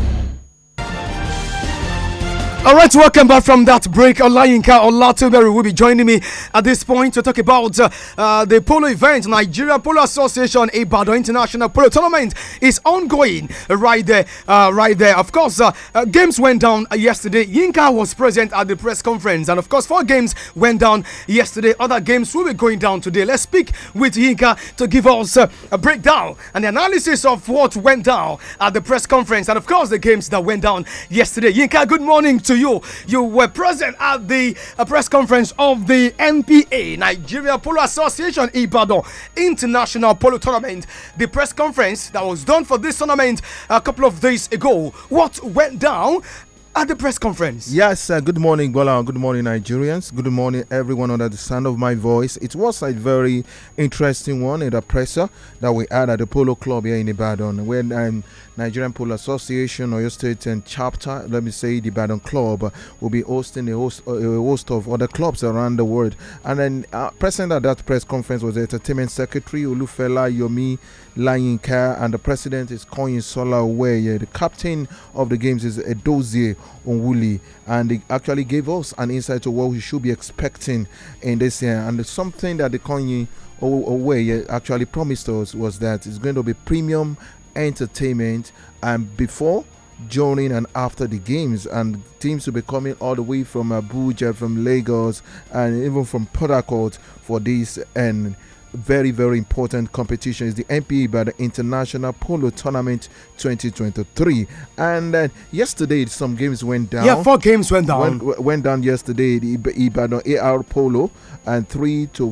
All right, welcome back from that break. Olayinka Olatuberu will be joining me at this point to talk about uh, uh, the polo event. Nigeria Polo Association Ibadan International Polo Tournament is ongoing right there, uh, right there. Of course, uh, uh, games went down yesterday. Yinka was present at the press conference, and of course, four games went down yesterday. Other games will be going down today. Let's speak with Yinka to give us a breakdown and the analysis of what went down at the press conference, and of course, the games that went down yesterday. Yinka, good morning to you. You were present at the uh, press conference of the NPA, Nigeria Polo Association Ibadan International Polo Tournament. The press conference that was done for this tournament a couple of days ago. What went down? at the press conference. Yes, uh, good morning, Bola. Good morning, Nigerians. Good morning, everyone under the sound of my voice. It was a very interesting one in the presser that we had at the Polo Club here in Ibadan when um, Nigerian Polo Association, Oyo State and chapter, let me say, the Baden Club will be hosting a host, a host of other clubs around the world. And then uh, present at that press conference was the Entertainment Secretary Olufela Yomi Layinka, and the president is Koyin Sola Weye. The captain of the games is Edozie Onwuli, and he actually gave us an insight to what we should be expecting in this year. And something that the Koyin away actually promised us was that it's going to be premium entertainment and before joining and after the games and teams will be coming all the way from abuja from lagos and even from port harcourt for this and very very important competition is the MPE by the International Polo Tournament 2023 and uh, yesterday some games went down yeah four games went down went, went down yesterday the Ibadan AR Polo and 3 to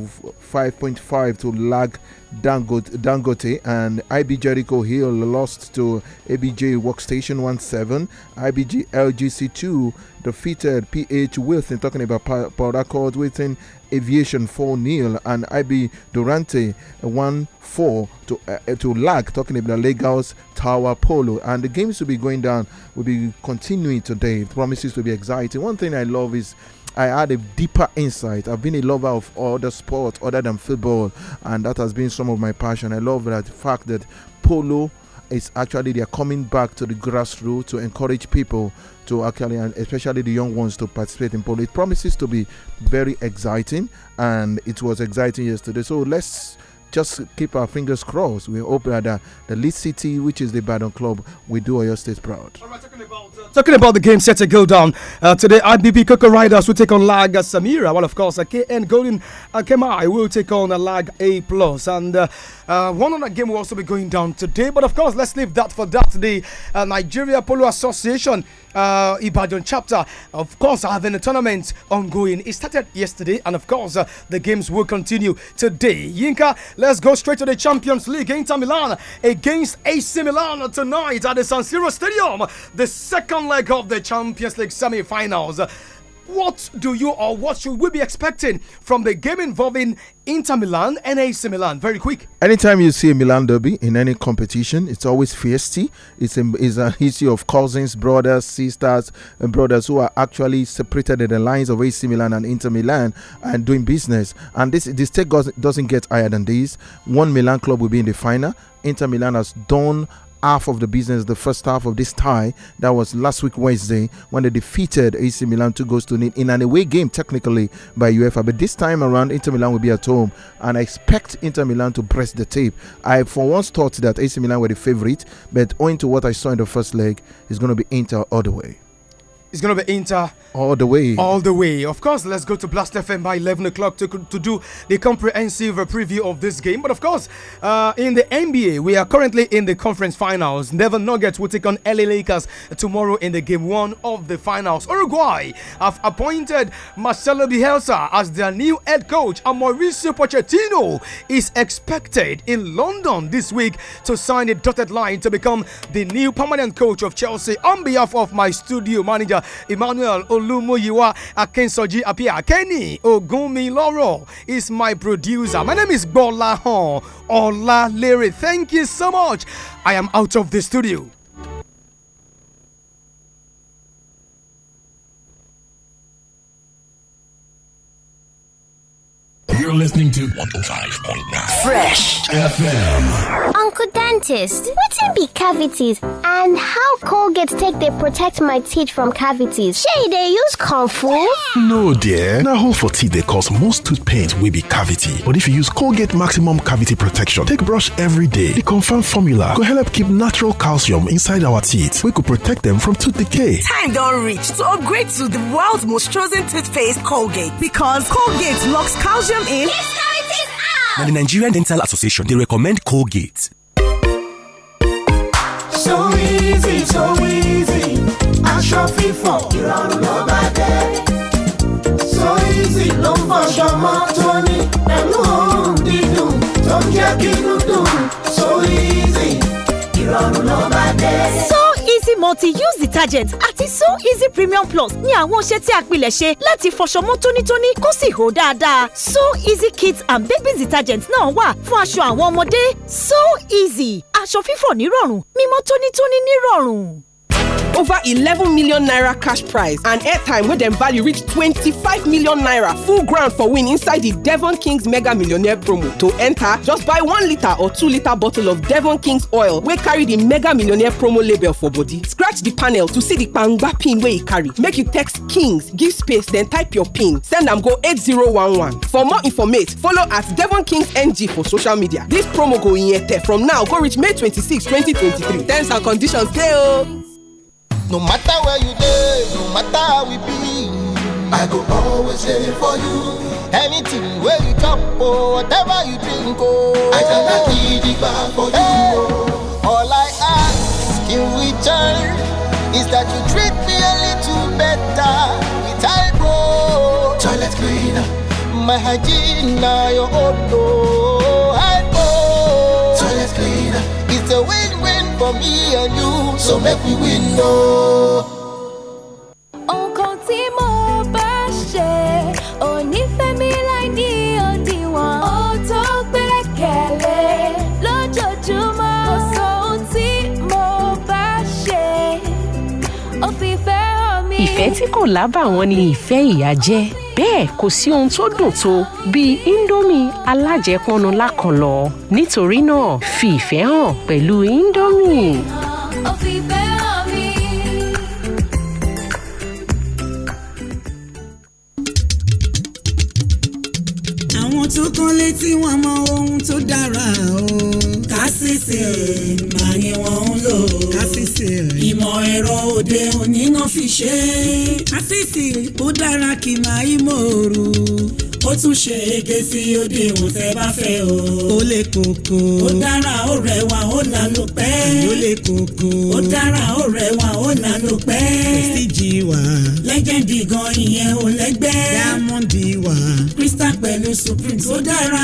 5.5 to lag Dangote, and IB Jericho Hill lost to ABJ Workstation 17 IBG LGC 2 defeated PH Wilson talking about Paul Accord Wilson Aviation 4 0 and IB Durante 1 4 to uh, uh to lag talking about Lagos Tower Polo and the games will be going down will be continuing today it promises to be exciting one thing I love is I had a deeper insight. I've been a lover of other sports other than football, and that has been some of my passion. I love that fact that polo is actually they are coming back to the grassroots to encourage people to actually, and especially the young ones to participate in polo, It promises to be very exciting, and it was exciting yesterday. So let's just keep our fingers crossed. We hope that uh, the lead city, which is the Badon club, we do Oyo State proud. Uh, talking, about, the game set to go down uh, today, IBB Coco Riders will take on Lag Samira, while of course uh, KN Golden Akemai uh, will take on Lag A Plus, and one other game will also be going down today. But of course, let's leave that for that. The Nigeria Polo Association uh, Ibadan chapter, of course, having uh, a tournament ongoing. It started yesterday, and of course, uh, the games will continue today. Yinka, let's go straight to the Champions League. Inter Milan against AC Milan tonight at the San Siro Stadium, the second leg of the Champions League semi finals. What do you or what should we be expecting from the game involving Inter Milan and AC Milan? Very quick. Anytime you see a Milan derby in any competition, it's always feisty. It's, a, it's an issue of cousins, brothers, sisters, and brothers who are actually separated in the lines of AC Milan and Inter Milan and doing business. And this this take doesn't get higher than this. One Milan club will be in the final. Inter Milan has done half of the business, the first half of this tie that was last week Wednesday when they defeated AC Milan two goals to nil in an away game technically by UEFA. But this time around, Inter Milan will be at home, and I expect Inter Milan to press the tape. I for once thought that AC Milan were the favorite, but owing to what I saw in the first leg, it's going to be Inter all the way. It's going to be Inter. All the way. All the way. Of course, let's go to Blast FM by 11 o'clock to, to do the comprehensive preview of this game. But of course, uh, in the NBA, we are currently in the conference finals. Never Nuggets will take on LA Lakers tomorrow in the game one of the finals. Uruguay have appointed Marcelo Bielsa as their new head coach, and Mauricio Pochettino is expected in London this week to sign a dotted line to become the new permanent coach of Chelsea on behalf of my studio manager. Emmanuel Olumoyiwa Akinsoji Apia Kenny Ogumiloro is my producer. My name is Bola Hon Ola Leary. Thank you so much. I am out of the studio. You're listening to 105.9 Fresh FM. Uncle Dentist, what can be cavities and how Colgate take they protect my teeth from cavities? Shay, they use Kung Fu? No, dear. Now, hole for teeth they cause most tooth pains will be cavity. But if you use Colgate Maximum Cavity Protection, take brush every day. The confirmed formula could help keep natural calcium inside our teeth. We could protect them from tooth decay. Time don't reach to upgrade to the world's most chosen toothpaste, Colgate. Because Colgate locks calcium is. Now, the Nigerian Dental Association, they recommend Colgate. So easy, so easy. So easy multi-use detergent àti so easy premium plus Ni àwọn ọṣẹ tí a pilẹ̀ ṣe láti fọṣọ mọ́ tónítóní kó sì hó dáadáa so easy kits and baby detergent náà wà fún aṣọ àwọn ọmọdé so easy aṣọ fífọ̀ nírọ̀rùn mímọ́ tónítóní nírọ̀rùn over 11 million naira cash prize and airtime wey dem value reach 25 million naira full ground for win inside the devon kings mega millionaire promo to enter, just buy one litre or two litre bottle of devon kings oil wey carry the mega millionaire promo label for body scratch the panel to see the kpangba pin wey e carry make you text kings give space then type your pin send am go 8011 for more informate follow at devon kings ng for social media This promo go in nyete from now go reach may 26 2023 terms and conditions dey o. No matter where you live, no matter how we be, I go always there for you. Anything where you chop or oh, whatever you drink, oh, I cannot be the bar for hey. you. Oh. All I ask in return is that you treat me a little better with Ibro. Toilet cleaner, my hygiene, now your own. Oh. for me and you, so make we win, no. Oh. Nǹkan tí mo bá ṣe, ò ní fẹ́ ìfẹ́ tí kò lábàwọ́n ni ìfẹ́ ìyá jẹ́ bẹ́ẹ̀ kò sí ohun tó dùn tó bíi indomie alájẹpọnu lákọlọ nítorí náà fi ìfẹ́ hàn pẹ̀lú indomie. àwọn tó kán létí wọn mọ ohun tó dára o kásìsìn mà ni wọ́n ń lò. kásìsìn. ìmọ̀ ẹ̀rọ òde òní náà fi ṣe é. kásìsìn ó dára kì máa í mòrò ó tún ṣe ege sí òde ìwọ̀n bá fẹ́ o. ó le koko. ó dára ó rẹwà ó là ló pẹ́. ó le koko. ó dára ó rẹwà ó là ló pẹ́. prestige wà. legend gan ìyẹn ò lẹ́gbẹ́. diamond wà. crystal pẹ̀lú supreme tó dára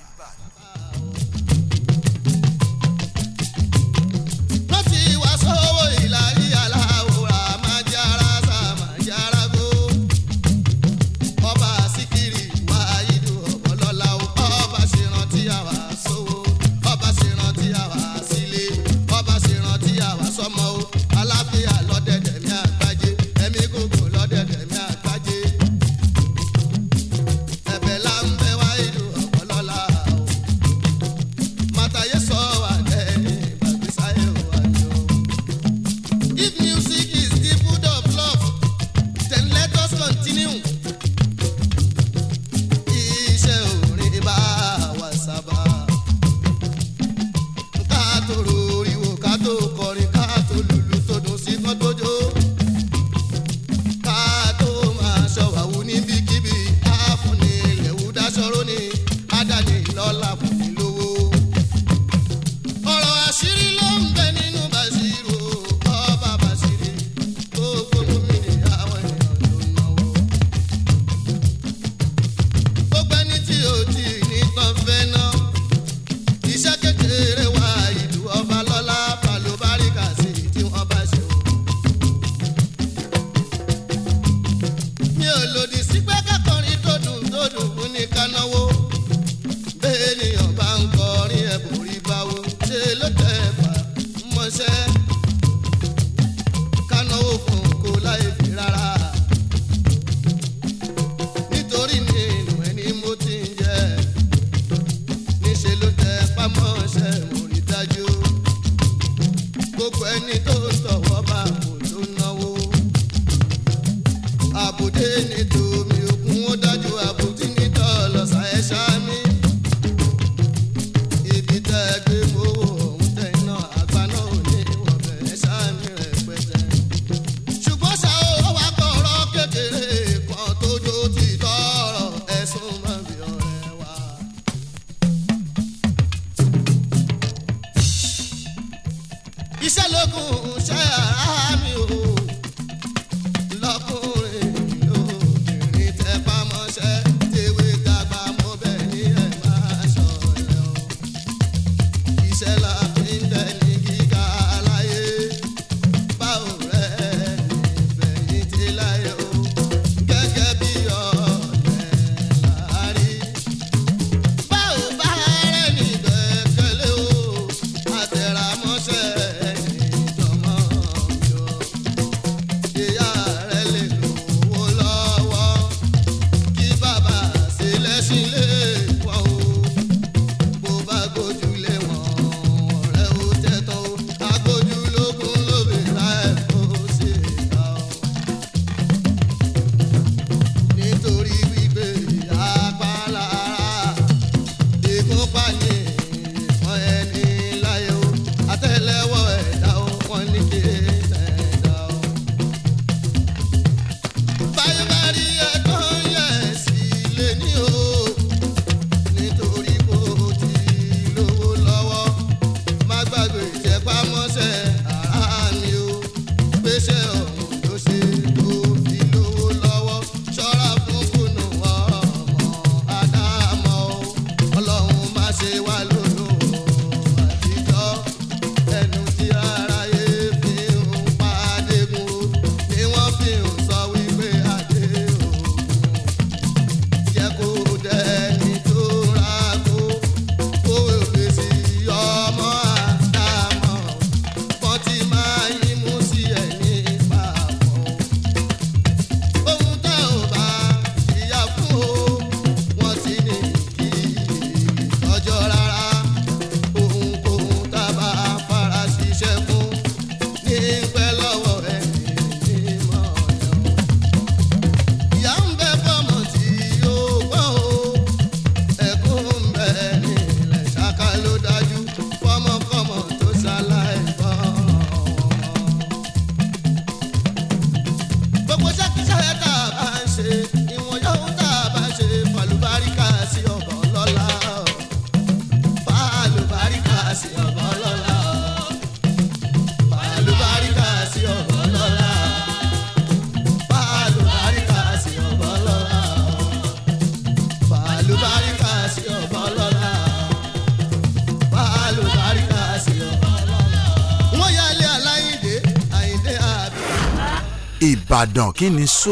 ìbàdàn kí ni so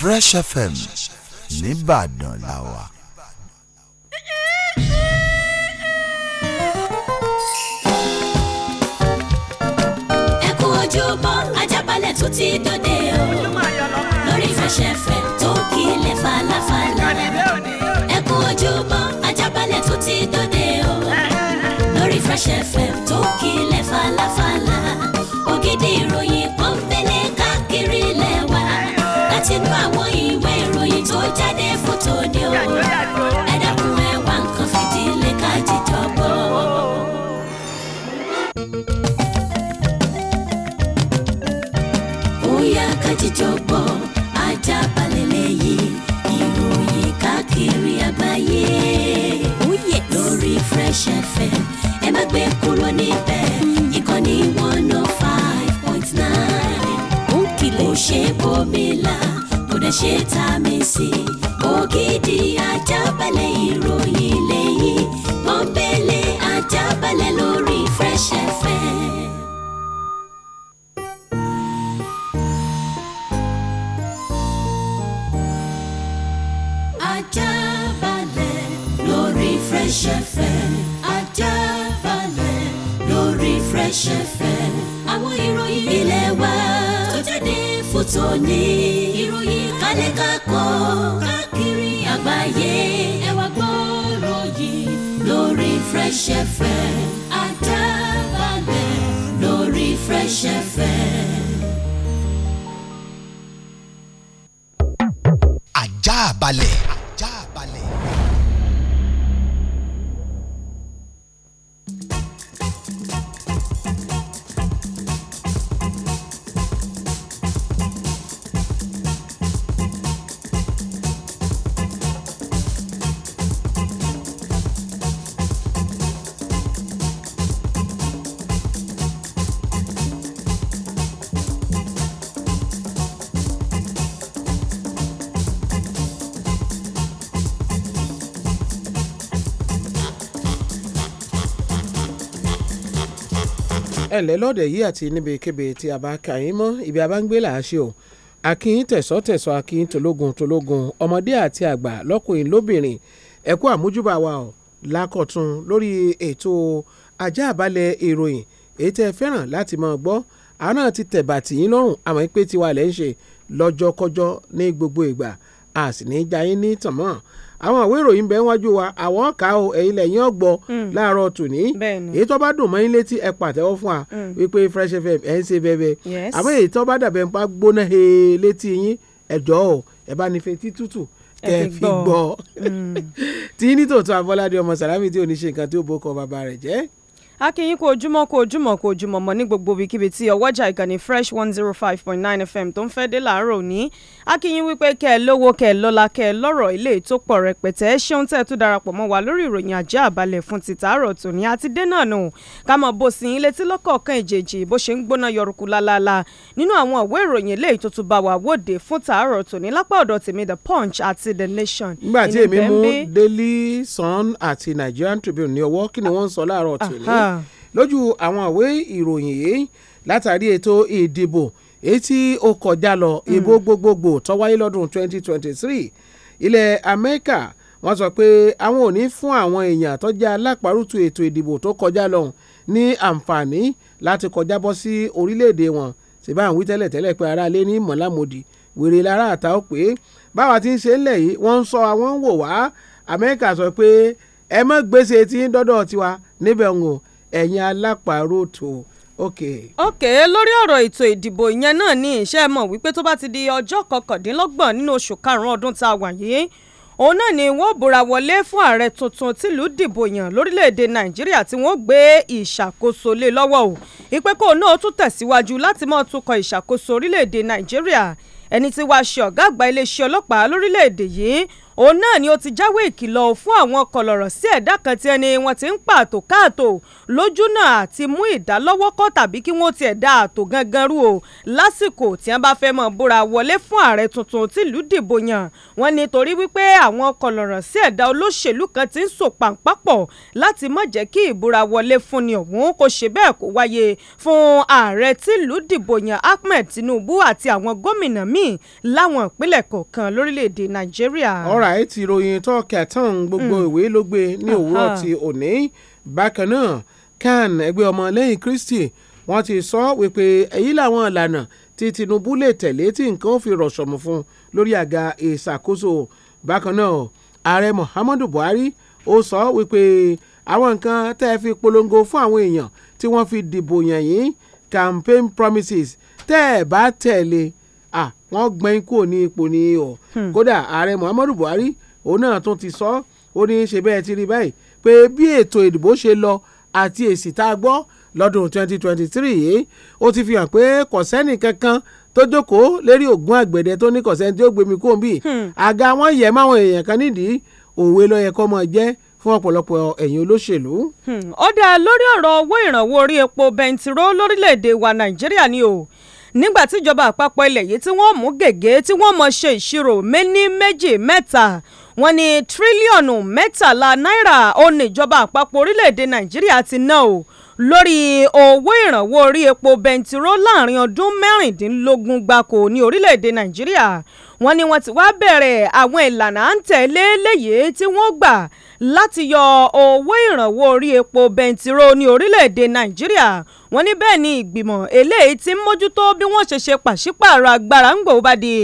fresh fm nìbàdàn la wà. ẹ kú ojúbọ ajábalẹ̀ tó ti dòde o lórí fresh fm tó kílẹ̀ falafala ẹ kú ojúbọ ajábalẹ̀ tó ti dòde o lórí fresh fm tó kílẹ̀ falafala ògidì ìròyìn. tó jáde fótó ni o ẹ dákun ẹ wá nǹkan fìdílé ká jíjọ gbọ́. bóyá ká jíjọ gbọ́ ajá balẹ̀ lẹ́yìn ìròyìn káàkiri àgbáyé oh, lórí Fresh FM ẹ má gbé kúrò níbẹ̀ ìkànnì one oh five point nine ó ṣe bòmílà ibẹ̀ ṣe tá a mi sí. ògidì ajábalẹ̀ ìròyìn lẹ́yìn pọ́npẹ́lẹ́ ajábalẹ̀ lórí Fresh FM. ajábalẹ̀ lórí Fresh FM ajábalẹ̀ lórí Fresh FM àwọn ìròyìn ilé wa tó jáde fún tòní kákó káàkiri àgbáyé ẹ wá gbọ́rọ̀ yìí lórí Fresh FM Àjààbálẹ̀ lórí Fresh FM. Àjààbálẹ̀. ẹ̀lẹ́ lọ́dẹ̀ yìí àti níbikíbi tí a bá kà yín mọ́ ibi a bá ń gbé làásì o akin tẹ̀sọ́ tẹ̀sọ́ akin tológun tológun ọmọdé àti àgbà lọ́kùnrin lóbìnrin ẹ̀kú àmójúbà wa ọ̀ lákọ̀tún lórí ètò ajá àbálẹ̀ ìròyìn èyí tẹ́ fẹ́ràn láti máa gbọ́ àánà ti tẹ̀bà tì yín lọ́rùn àmọ́ pé tiwa lẹ́ ń ṣe lọ́jọ́kọ́jọ́ ní gbogbo ìgbà a sì ní í já yín ní tànmọ́ àwọn ìwé ìròyìn bẹ́ẹ̀ wájú wa àwọn ọ̀ka o ẹ̀yin lẹ́yìn ọ̀gbọ́ mm. láàárọ̀ tòní èyí tó bá dùn mọ́ yín létí ẹ pàtẹ́wọ́ fún wa mm. wípé Fresh FM ẹ̀ ń ṣe bẹ́ẹ̀ àmọ́ èyí tó bá dàbẹ̀ ń pa gbóná he létí yín ẹ̀jọ́ o ẹ̀ bá ní fetí tútù kẹ́ ẹ fi gbọ́ mm. tí nítòótọ́ Abọ́ládé ọmọ Sàlámì tí ò ní ṣe nǹkan tí ó bó kọ bàbá rẹ̀ jẹ́ akínyìn kò ojúmọ́ kò ojúmọ́ kò ojúmọ́ mọ́ ní gbogbo ibikíbi tí ọwọ́jà ìkànnì fresh one zero five point nine fm tó ń fẹ́ dé làárọ̀ òní akínyìn wípé kẹ́ ẹ lówó kẹ́ ẹ lọ́lá kẹ́ ẹ lọ́rọ̀ ilé tó pọ̀ rẹpẹtẹ ẹ ṣeun tẹ́ ẹ tún darapọ̀ mọ́ wa lórí ìròyìn àjẹ́ àbálẹ̀ fún ti tàárọ̀ tòní àti dénà nù ká mọ̀ bó sì ń létí lọ́kọ̀ọ̀kan ìjèjì bó ṣe ń gbóná yọrùkú lálálá nínú àwọn ìwé wa wòde fún tàárọ̀ tòní lápá ọ̀dọ̀ tèmi punch àti the nation. nígbà tí daily sun àti nigerian tribune ní ọwọ́ kí ni wọ́n ń sọ lójú àwọn ìwé ìròyìn yìí látàrí ètò ìdìbò èyí tí lọ hmm. ìbò gbogbogbò tó wáyé 2023 ilẹ̀ Amẹ́ríkà wọ́n sọ pé àwọn ò ní fún àwọn èèyàn tó jẹ́ alápárùtù ètò ìdìbò tó kọjá lọ́hùn ní àǹfààní láti kọjá bọ́ sí orílẹ̀-èdè wọn ṣèbá àwọn wí tẹ́lẹ̀ pé ara lé ní mọ̀lámọ́dì wèrè lára àtà ó pé báwa ti ń ṣe ńlẹ̀ yìí wọ́n ń sọ àwọn ń wò wá Amẹ́ríkà sọ pé ẹ mọ́ gbèsè tí ń dọ́dọ̀ tiwa níbẹ̀ ń wò ẹ̀yin alápàárò tó okay. ok lórí ọ̀rọ̀ ètò ìdìbò ìyẹn náà ní iṣẹ́ mọ̀ wípé tó bá ti di ọjọ́ kọkàndínlọ́gbọ̀n nínú oṣù karùn-ún ọdún tá a wà yìí òun náà ni wọ́n búra wọlé fún ààrẹ tuntun tìlú dìbò yàn lórílẹ̀‐èdè nàìjíríà tí wọ́n gbé ìṣàkóso lé lọ́wọ́ o ìpè kó náà tún tẹ̀síwájú láti máa tukọ̀ ìṣàkóso orílẹ̀‐èdè nàìjíríà ẹni tí wàá ṣe ọ̀gá àgbà iléeṣẹ́ ọlọ́pàá lórílẹ̀‐èdè yìí òun náà ni ó ti jáwé ìkìlọ̀ fún àwọn kọlọ̀rọ̀ sí ẹ̀dá kan tí ẹni wọn ti ń pààtò káàtó lójúnà àti mú ìdálọ́wọ́kọ́ tàbí kí wọ́n tiẹ̀ dá àtò gangan rú o lásìkò tí wọ́n bá fẹ́ mọ̀ búra wọlé fún ààrẹ tuntun tìlú dìbò yàn wọ́n ní torí wípé àwọn kọlọ̀rọ̀ sí ẹ̀dá olóṣèlú kan ti ń sò pàǹpàpọ̀ láti má jẹ́ kí ìbúra wọlé fún ni ọ̀hún kò ṣe bẹ́ẹ̀ kó wáyé fún ààrẹ tìlú dìbò yàn Ahmed Tinubu àti àwọn gómìnà míì láwọn ìpínlẹ̀ kọ̀ọ̀kan lórílẹ̀ Right, ìròyìn tó kẹtàn gbogbo mm. ìwé ló gbé ní òwúrọ̀ ti òní bákan náà can ẹgbẹ́ ọmọ lẹ́yìn Kristi wọ́n ti sọ wípé èyí làwọn ìlànà tí Tinubu lè tẹ̀lé tí nǹkan ó fi rọ̀ṣọ̀mù fún lórí àga ìṣàkóso bákan náà ààrẹ Muhammadu Buhari ó sọ wípé àwọn nǹkan tẹ́ ẹ fi polongo fún àwọn èèyàn tí wọ́n fi dìbò yàn yín campaign promises tẹ́ ẹ bá tẹ̀lé Ah, wọ́n gbẹ́yìn kúrò ní ipò ni ọ̀ hmm. kódà ààrẹ Muhammadu Buhari òun náà tún ti sọ ó ní ṣe bẹ́ẹ̀ ti rí báyìí pé bí ètò ìdìbò ṣe lọ àti èsì tá a gbọ́ lọ́dún 2023 yìí ó ti fi hàn pé kò sẹ́nì kankan tó jókòó lérí ògùn àgbẹ̀dẹ tó ní kọ̀sẹ́ tí ó gbé mi kóńbì hmm. àga wọn yẹ máwọn èèyàn kan nídìí òwe ló yẹ kó mọ jẹ́ fún ọ̀pọ̀lọpọ̀ ẹ̀yin olóṣèlú. Hmm. ó dáa lórí ọ̀rọ̀ owó ìrànwọ́ orí epo bẹntiró lórílẹ̀‐èdè wa nàìjíríà ni o nígbà tíjọba àpapọ̀ ilẹ̀ yìí tí wọ́n mú gègé tí wọ́n mọ̀ ṣe ìṣirò méní méjì mẹ́ta wọ́n ní tírílíọ̀nù mẹ́tàlá náírà ó ní ìjọba àpapọ̀ orílẹ̀-èdè nàìjíríà ti ná o lórí owó ìrànwọ́ orí epo bẹntiró láàrin ọdún mẹ́rìndínlógún gbáko ní orílẹ̀-èdè nàìjíríà wọ́n ní wọ́n ti wá bẹ̀rẹ̀ àwọn ìlànà à ń tẹ̀lé léyìí tí wọ́n gbà láti yọ owó ìrànwọ́ orí epo bẹntiró ní orílẹ̀-èdè nàìjíríà wọ́n ní bẹ́ẹ̀ ni ìgbìmọ̀ eléyìí ti ń mójútó bí wọ́n ṣe ṣe pàṣípààrọ̀ agbára ń gbòó bá di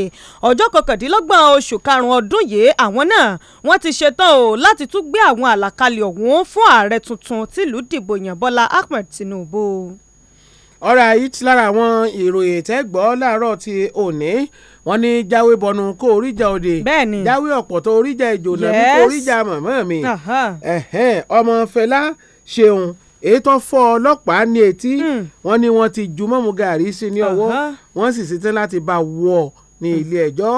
ọjọ́ kọkàndínlọ́gbọ̀n oṣù karùn-ún ọdún yìí àwọn náà wọ́n ti ṣetán o láti tún gbé àwọn àlàkalẹ̀ ọ̀hún fún ààrẹ tuntun tìlú dìbò yàn bọ́lá ahmed tinubu. ọ̀rọ̀ àyíkí lára àwọn ìròyìn tẹ́gbọ́ láàárọ̀ ti òní wọ́n ní jáwé bọnu kó oríjà òde jáwé ọ̀pọ̀tọ̀ oríjà ìjòlá mi kó oríjà màmá mi ọmọ fẹlá ṣeun ètò fọ ọlọ́pàá ní etí hmm. wọ́n ní wọ́n ti ju mọ́mú gàrí sí ní ọwọ́ wọ́n sì ṣetán láti bá wọ̀ ní hmm. ilé ẹjọ́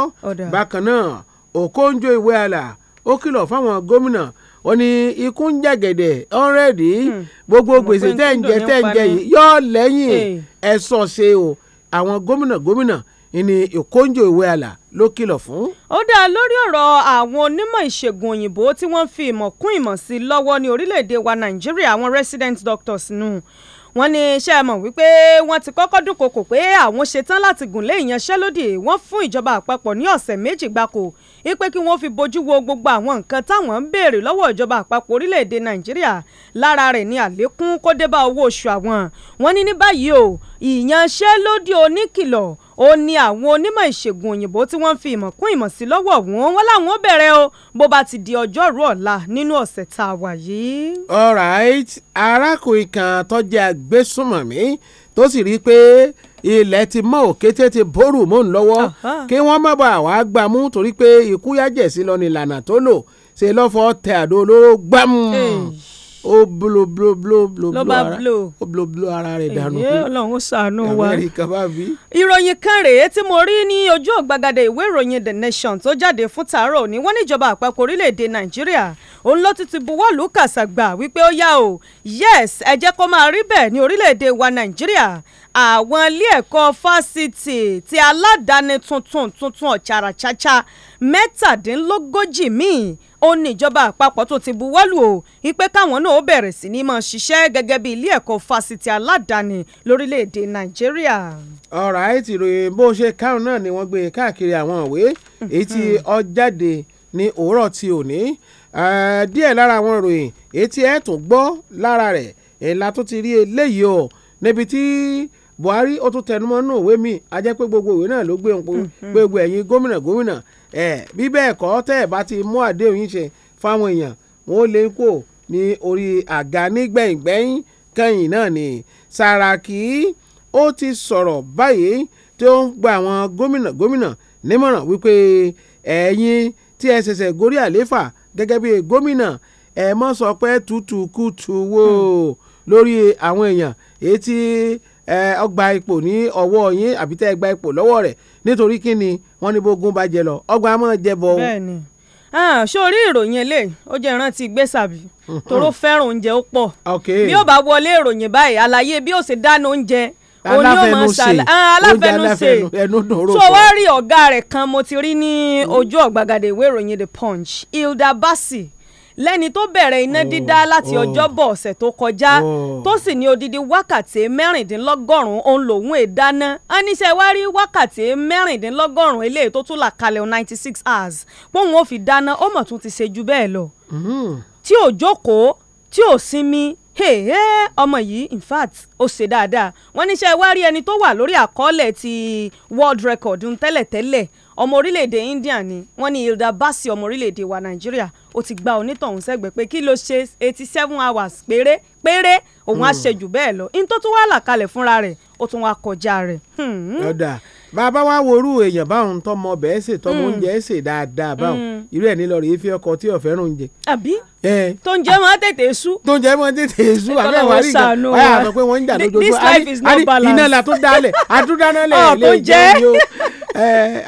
bákan náà òkóńjó ìwé àlà ó kìlọ̀ fáwọn gómìnà ó ní ikú ń jẹ̀gẹ̀dẹ̀ ọ̀rẹ́dì hmm. gbogbo gbèsè tẹ̀ ń jẹ tẹ̀ ń jẹ yìí yọ lẹ́yìn ẹ̀sọ̀ ṣe o àwọn gómìnà gómìnà ni ìkóńjò ìwé àlà ló kìlọ̀ fún. ó dá lórí ọ̀rọ̀ àwọn onímọ̀ ìṣègùn òyìnbó tí wọ́n fi ìmọ̀ kún ìmọ̀ sí lọ́wọ́ ní orílẹ̀-èdè wa nàìjíríà àwọn resident doctors nù wọ́n ní iṣẹ́ mọ̀ wípé wọ́n ti kọ́kọ́ dúnkokò pé àwọn ṣetán láti gùn lé ìyanṣẹ́lódì wọ́n fún ìjọba àpapọ̀ ní ọ̀sẹ̀ méjì gbáko ipe kí wọ́n fi bójú wo gbogbo àwọn nǹkan táwọn ń béèrè lọ́wọ́ ìjọba àpapọ̀ orílẹ̀-èdè nàìjíríà lára rẹ̀ ní àlékún kó dé bá owó oṣù àwọn wọ́n ní ní báyìí o ìyanṣẹ́lódì oníkìlọ̀ ó ní àwọn onímọ̀ ìṣègùn òyìnbó tí wọ́n ń fi ìmọ̀ kún ìmọ̀ sí lọ́wọ́ wọn wọn làwọn ó bẹ̀rẹ̀ o bó bá ti di ọjọ́rú ọ̀la nínú ọ̀sẹ̀ tá a wà yìí. alright arákùnrin kan tó jẹ́ agbésùnmọ̀mí tó sì rí i pé ilẹ̀ ti mọ́ òkété ti bórù mọ́ ń lọ́wọ́ kí wọ́n má bàa wá gbámú torí pé ikú yájẹ̀sí lọ ní ìlànà tó lò ṣe lọ́fọ̀ọ́ tẹ àdó olóró gbámú. Hey ó blo blo blo blo blo ara ó blo blo ara rẹ̀ dànù. èyí ọlọ́run ṣàánú wa ìròyìn kan rèé tí mo rí ní ojú ọ̀gbagadẹ ìwé ìròyìn The Nation tó jáde fún tàárọ̀ ní wọ́n níjọba àpapọ̀ orílẹ̀-èdè Nàìjíríà òun ló ti ti buwọ́lù kàṣàgbà wípé ó yá o yes ẹ jẹ́ kó máa rí bẹ́ẹ̀ ní orílẹ̀-èdè wa Nàìjíríà àwọn ilé ẹ̀kọ́ fásitì ti aládàáni tuntun tuntun ọ̀chàrà chacha mẹ́tàdínlógójì míì ó ní ìjọba àpapọ̀ tó ti buwọ́lù o wípé káwọn náà ó bẹ̀rẹ̀ sí ní máa ṣiṣẹ́ gẹ́gẹ́ bí ilé ẹ̀kọ́ fásitì aládàáni lórílẹ̀‐èdè nàìjíríà. ọ̀rọ̀ àìtì ròyìn bó ṣe kárùn náà ni wọ́n gbé káàkiri àwọn ìwé èyí tí hmm. ó jáde ní òwúrọ̀ ti òní díẹ̀ lára àwọn ìròyìn èyí tí ẹ̀ tún gbọ́ lára rẹ̀ ẹ̀ la tó ti rí eléyìí o níbi tí buhari ó tún tẹnumọ́ nù òwe mi a jẹ́ pé gbogbo òwe náà ló gbé òun po mm-hmm. gbogbo ẹ̀yin gómìnà gómìnà ẹ̀ bí bẹ́ẹ̀ kọ́ tẹ́ ẹ̀ bá ti mú àdéhùn yín ṣe fáwọn èèyàn wọn ó lè kó ní orí àga nígbẹ̀yìngbẹ̀yìn kẹ́yìn náà ni Sàràkí ó ti sọ̀rọ̀ báyìí tí ó ń gba àwọn gómìnà gómìnà nímọ̀ràn wípé ẹ̀yin tí ẹ ṣẹ̀ṣẹ̀ gorí àléfà gẹ́gẹ́ bí gómìnà ẹ mọ́ sọ pé tútù kùtù wò mm. lórí àwọn èèyàn èyí tí ọgbà ipò ní ọwọ́ yín àbí tẹ́ ẹ gba ipò lọ́wọ́ rẹ̀ nítorí kí ni wọ́n ní bógun bá jẹ lọ ọgbà á máa jẹ bọ. bẹ́ẹ̀ni ṣé orí ìròyìn eléyìí ó jẹ́ ìrántí ìgbésàbí tóró fẹ́ràn oúnjẹ ó pọ̀ bí ó bá wọlé ìròyìn báyìí àlàyé bí ó ṣe dáná oúnjẹ aláfẹnusè aláfẹnusè tó wá rí ọ̀gá rẹ̀ kan mo ti rí ní ojú ọ̀gbagadé ìwé ìròyìn the punch hilda basi lẹ́ni tó bẹ̀rẹ̀ iná oh, dídá láti oh. ọjọ́bọ̀ ọ̀sẹ̀ tó kọjá oh. tó sì ní odidi wákàtí mẹ́rìndínlọ́gọ́rùn-ún òun lòún èdáná á níṣẹ́ wá rí wákàtí mẹ́rìndínlọ́gọ́rùn-ún eléyìí tó tún là kalẹ̀ ninety six hours póun ó fi dáná ó mọ̀ tún ti ṣe ju bẹ́ẹ̀ lọ mm-hmm. tí ò jókòó tí ò sinmi Hey, hey, ọmọ yìí in fact ó ṣe dáadáa wọ́n níṣẹ́ wá rí ẹni tó wà lórí àkọọ́lẹ̀ ti world record ń tẹ́lẹ̀tẹ́lẹ̀ ọmọ orílẹ̀-èdè India ni wọ́n ní Hilda Basi ọmọ orílẹ̀-èdè wa Nàìjíríà ó ti gba onítọ̀hún sẹ́gbẹ̀ẹ́ pé kí ló ṣe eighty seven hours péré péré òun á hmm. ṣe jù bẹ́ẹ̀ lọ in tó tún wá là kalẹ̀ fúnra rẹ̀ ó tún wá kọjá rẹ̀. ọ̀dà hmm bàbá wa worú èèyàn báwọn tọmọ bẹ́ẹ̀ ṣe tọmọ mm. oúnjẹ ṣe dáadáa báwọn mm. irú ẹ̀ nílọ rèé fi ọkọ tí ọ̀fẹ́ rún jẹ. àbí tó ń jẹ́ mọ́ tètè sú. tó ń jẹ́ mọ́ tètè sú àbẹ́ wà rí nǹkan wáyà àmọ́ pé wọ́n ń jà lójoojúmọ́ this life is no balance. iná la tó dálẹ̀ àtúndánálẹ̀ ilé ìjẹun yóò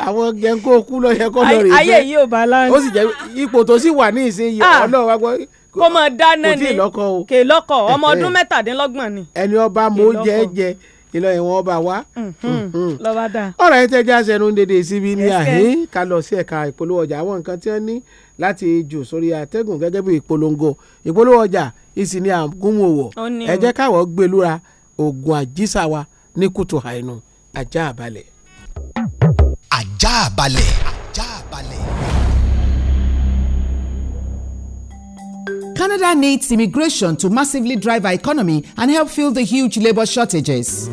àwọn gẹ̀ǹkó kú lọ yẹ kọ́ lọ rèé fẹ́ ayé yìí ò balance. ó sì jẹ́ ipò tó sì wà ní ìsinyìí ah, ọlọ́wà gbọ́ kó mọ dáná ni kò lọ́kọ ọmọ ọdún mẹ́tàdínlọ́gbọ̀n ni. ẹni ọba mo jẹ́ jẹ́ ilé ìwọ̀n ọba wa. Mm-hmm. Mm-hmm. lọ́ba dà. ọ̀rọ̀ yẹn tẹ́jà sẹ́nu dédé síbi ní àhín ká lọ sí ẹ̀ka ìpolówó ọjà àwọn nǹkan tí wọ́n ní láti jù sórí àtẹ́gùn gẹ́gẹ́ bí ìpolongo ìpolówó ọjà ìsìn ní àgúnwòwò ẹ jẹ́ káwọ́ gbẹlúra oògùn àjísà wa ní kùtù àìnù ajá àbálẹ̀. ajá àbálẹ̀. Canada needs immigration to massively drive our economy and help fill the huge labour shortages.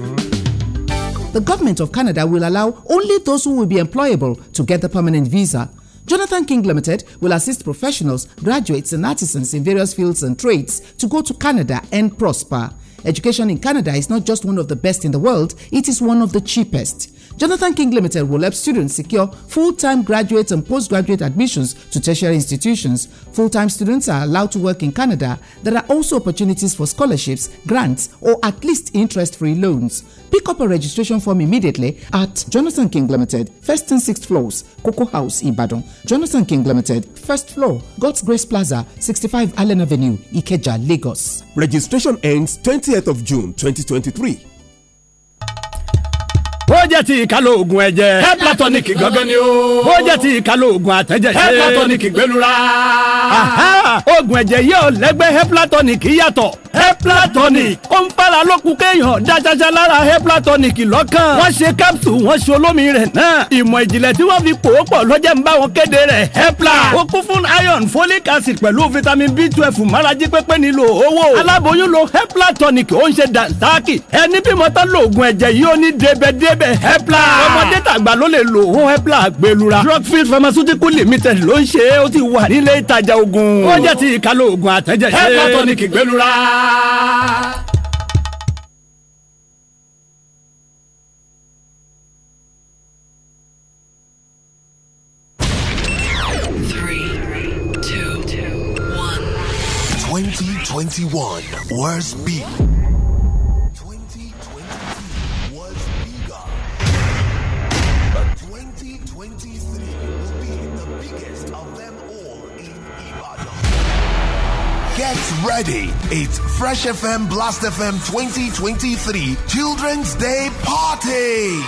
The government of Canada will allow only those who will be employable to get the permanent visa. Jonathan King Limited will assist professionals, graduates, and artisans in various fields and trades to go to Canada and prosper. Education in Canada is not just one of the best in the world, it is one of the cheapest. Jonathan King Limited will help students secure full time graduate and postgraduate admissions to tertiary institutions. Full time students are allowed to work in Canada. There are also opportunities for scholarships, grants, or at least interest free loans. Pick up a registration form immediately at Jonathan King Limited, first and sixth floors, Coco House, Ibadan. Jonathan King Limited, first floor, God's Grace Plaza, 65 Allen Avenue, Ikeja, Lagos. Registration ends 20th of June 2023. ó jẹ́ ti ìkálóògùn ẹ̀jẹ̀. head platonic gangan ni o. ó ti ìkálóògùn àtẹ̀jẹ̀ṣe. head platonic gbẹlura. oògùn ẹ̀jẹ̀ yóò lẹ́gbẹ́ head yàtọ̀. head ó ń fara lókun kéèyàn lára wọ́n ṣe capsule wọ́n ṣe olómi rẹ̀ náà. ìmọ̀ ìjìnlẹ̀ tí wọ́n fi pọ̀ lọ́jẹ́ rẹ̀ hepla. ó kún iron folic acid pẹ̀lú vitamin b twelve márají pépé nílò owó. aláboyún lo hepla ó ń ṣe ẹni bímọ tán lóògùn lábẹ́ hepla. ọmọdé tàgbà ló lè lo ohun hepla gbẹlura. drugfield pharmaceutical limited ló ń ṣe é ó ti wà nílé ìtajà oògùn. wọ́n jẹ́ ti ìkálò oògùn àtẹ́jẹ́ hepla tonic gbẹlura. Three, two, one. 2021 Worst Beat. ready. It's Fresh FM Blast FM 2023 Children's Day Party.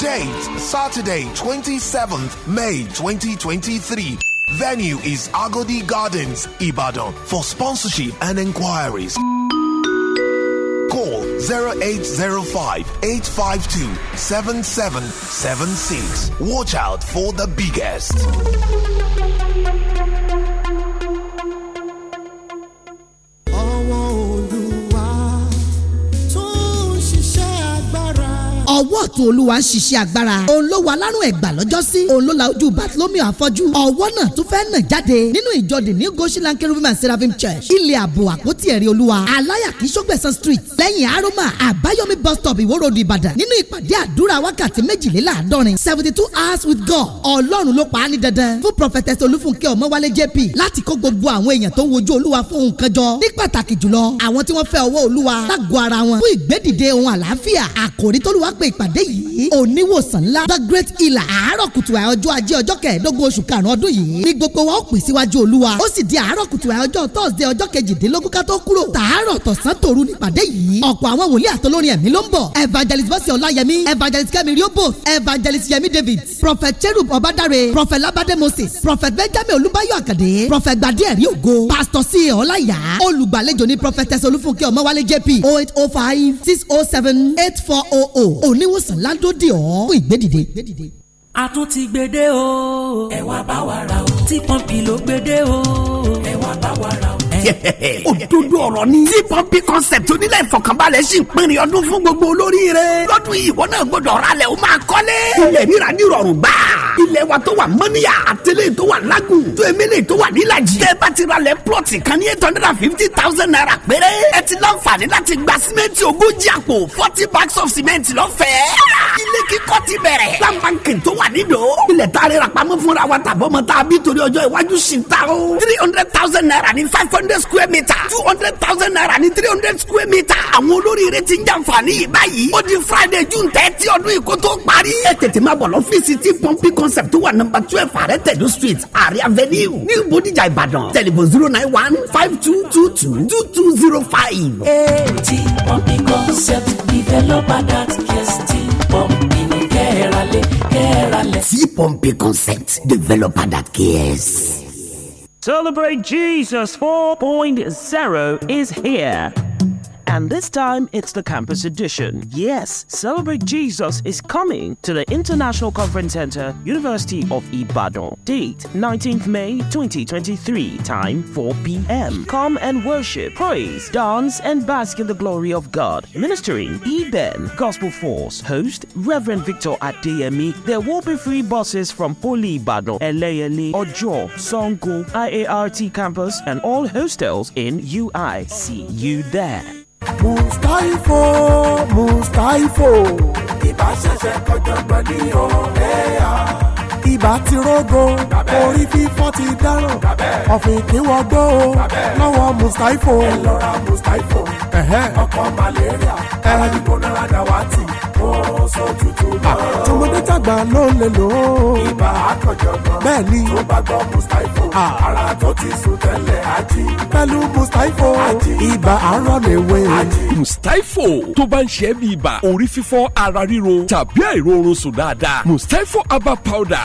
Date Saturday, 27th May 2023. Venue is Agodi Gardens, Ibadan. For sponsorship and enquiries, call 0805 852 7776. Watch out for the biggest. ọwọ́ ọ̀tún olúwa ń ṣiṣẹ́ agbára òun ló wà lárùn ẹ̀gbà lọ́jọ́ sí òun ló la ojú Bartholomew afọ́jú ọwọ́ náà tún fẹ́ nà jáde nínú ìjọ the new Goshen Cherubim and Seraphim Church ilé ààbò àpótí ẹ̀rí olúwa aláyà kì í ṣọ́gbẹ̀sán street lẹ́yìn aroma àbáyọ̀mí bus stop ìwó road ìbàdàn nínú ìpàdé àdúrà wákàtí méjìléláàádọ́rin seventy two hours with God ọlọ́run ló pa á ní dandan fún prophetess olúfúnkẹ́ ọmọwálé jp láti kó gbogbo àwọn èèyàn tó ń wojú olúwa fún nǹkan jọ ní pàtàkì jùlọ àwọn tí wọ́n fẹ́ ọwọ́ olúwa lágọ̀ọ́ ara wọn fún ìgbédìde ohun àlàáfíà àkòrí tólúwa p pé ìpàdé yìí oníwòsàn ńlá the great healer àárọ̀ kùtù ọjọ́ ajé ọjọ́ kẹẹ̀ẹ́dógún oṣù karùn-ún ọdún yìí ní gbogbo wa ó pè síwájú olúwa ó sì di àárọ̀ kùtù ọjọ́ thursday ọjọ́ kejìdínlógún ká tó kúrò tààrọ̀ tọ̀sán tòru nípàdé yìí ọ̀pọ̀ àwọn wòlíì àtolórin ẹ̀mí ló ń bọ̀ evangelist bọ́sì ọláyẹmí evangelist kẹ́mi riobo evangelist yẹmi david prophet cherub ọbadare prophet labade moses prophet benjamin olúbáyọ̀ àkàdé oníwòsàn ládòdì ọ̀ fún ìgbédìde. a tún ti gbede o ẹ wá bá wa ra o tí pọ́ǹpì ló gbede o ẹ wá bá wa ra o òdodo ọ̀rọ̀ ni. tí pọ́ńpì concept onílẹ̀ ìfọkànbalẹ̀ sì ń pinrin ọdún fún gbogbo olórí rẹ̀. lọ́dún yìí ìwọ náà gbọ́dọ̀ ra lẹ̀ o máa kọ́lé. ilẹ̀ ríra ní ìrọ̀rùn gbà. ilẹ̀ wa tó wà mọ́níyà àtẹlẹ́ tó wà lágùn tó emele tó wà nílàjì. tẹ́ bá ti ra lẹ̀ plọ̀tì kan ní eight hundred and fifty thousand naira péré. ẹ ti láǹfààní láti gba símẹ́ǹtì ogójì àpò forty bags of cement lọ́fẹ̀ẹ́. ilé kíkọ́ ti bẹ̀rẹ̀. sábàǹkì tó wà nídò. ilẹ̀ tá a rẹ̀ rà pamọ́ fúnra wa tàbọ́mọ tá a bí torí ọjọ́ iwájú sí ta o. three hundred thousand naira ní five hundred square meter two hundred thousand naira ní three hundred square meter àwọn olóríire ti ń jàǹfààní yìí báyìí ó di friday june thirty ọdún yìí kó tó parí. ẹ tètè máa bọ̀ lọ́fíìsì tí pọ́ńpì concept tó wà nọ́mbà twelve àrẹ tẹ̀dó street àrẹ avenue ní bòdìjà ìbàdàn tẹlifon zero nine one five two two two two two zero five. ti pọ́ńpì concept developer dat case ti pọ́ńpì ní kẹ́ẹ̀rẹ́lẹ̀ kẹ́ẹ̀rẹ́lẹ̀. ti pọ́ńpì concept developer dat case. Celebrate Jesus 4.0 is here and this time it's the campus edition. Yes, Celebrate Jesus is coming to the International Conference Center, University of Ibadan. Date 19th May 2023, time 4 p.m. Come and worship, praise, dance, and bask in the glory of God. Ministering Eben Gospel Force, host Reverend Victor Adeyemi. There will be free buses from Poli Ibadan, Eleyele, Ojo, Songo, IART campus, and all hostels in UI. See you there mustaifo mustaifo ìbáṣẹ̀ṣẹ̀ kọjọ́gbọ́n ní ọ̀rẹ́ yà. ibà ti rógo orí fífọ́ ti dáràn ọ̀fìn ìpínwọ́gbó o lọ́wọ́ mùsítáífò. ẹ lọ ra ọkọ̀ malaria ara gbígbóná radawati ó sọ tútù náà. tọmọdé tàgbà ló ń lè lò ó. ibà àkànjọ̀gbọ́n bẹ́ẹ̀ ni tó bá gbọ́ mùsítáífò ah. ara tó ti sùn tẹ́lẹ̀ ají. pẹ̀lú mùsítáífò ibà arọ lè wé. mùsítáífò tó bá ń ṣe é bí ibà orí fífọ́ ara ríro tàbí àìróorun sùn dáadáa mùsítáífò herbal powder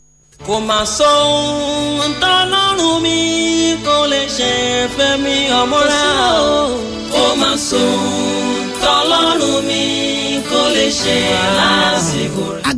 kò mà sọ ohun tọ́lọ́run mi kò lè ṣe fẹ́ mi ọmọ rẹ o. kò mà sọ ohun tọ́lọ́run mi kò lè ṣe lásìkò rẹ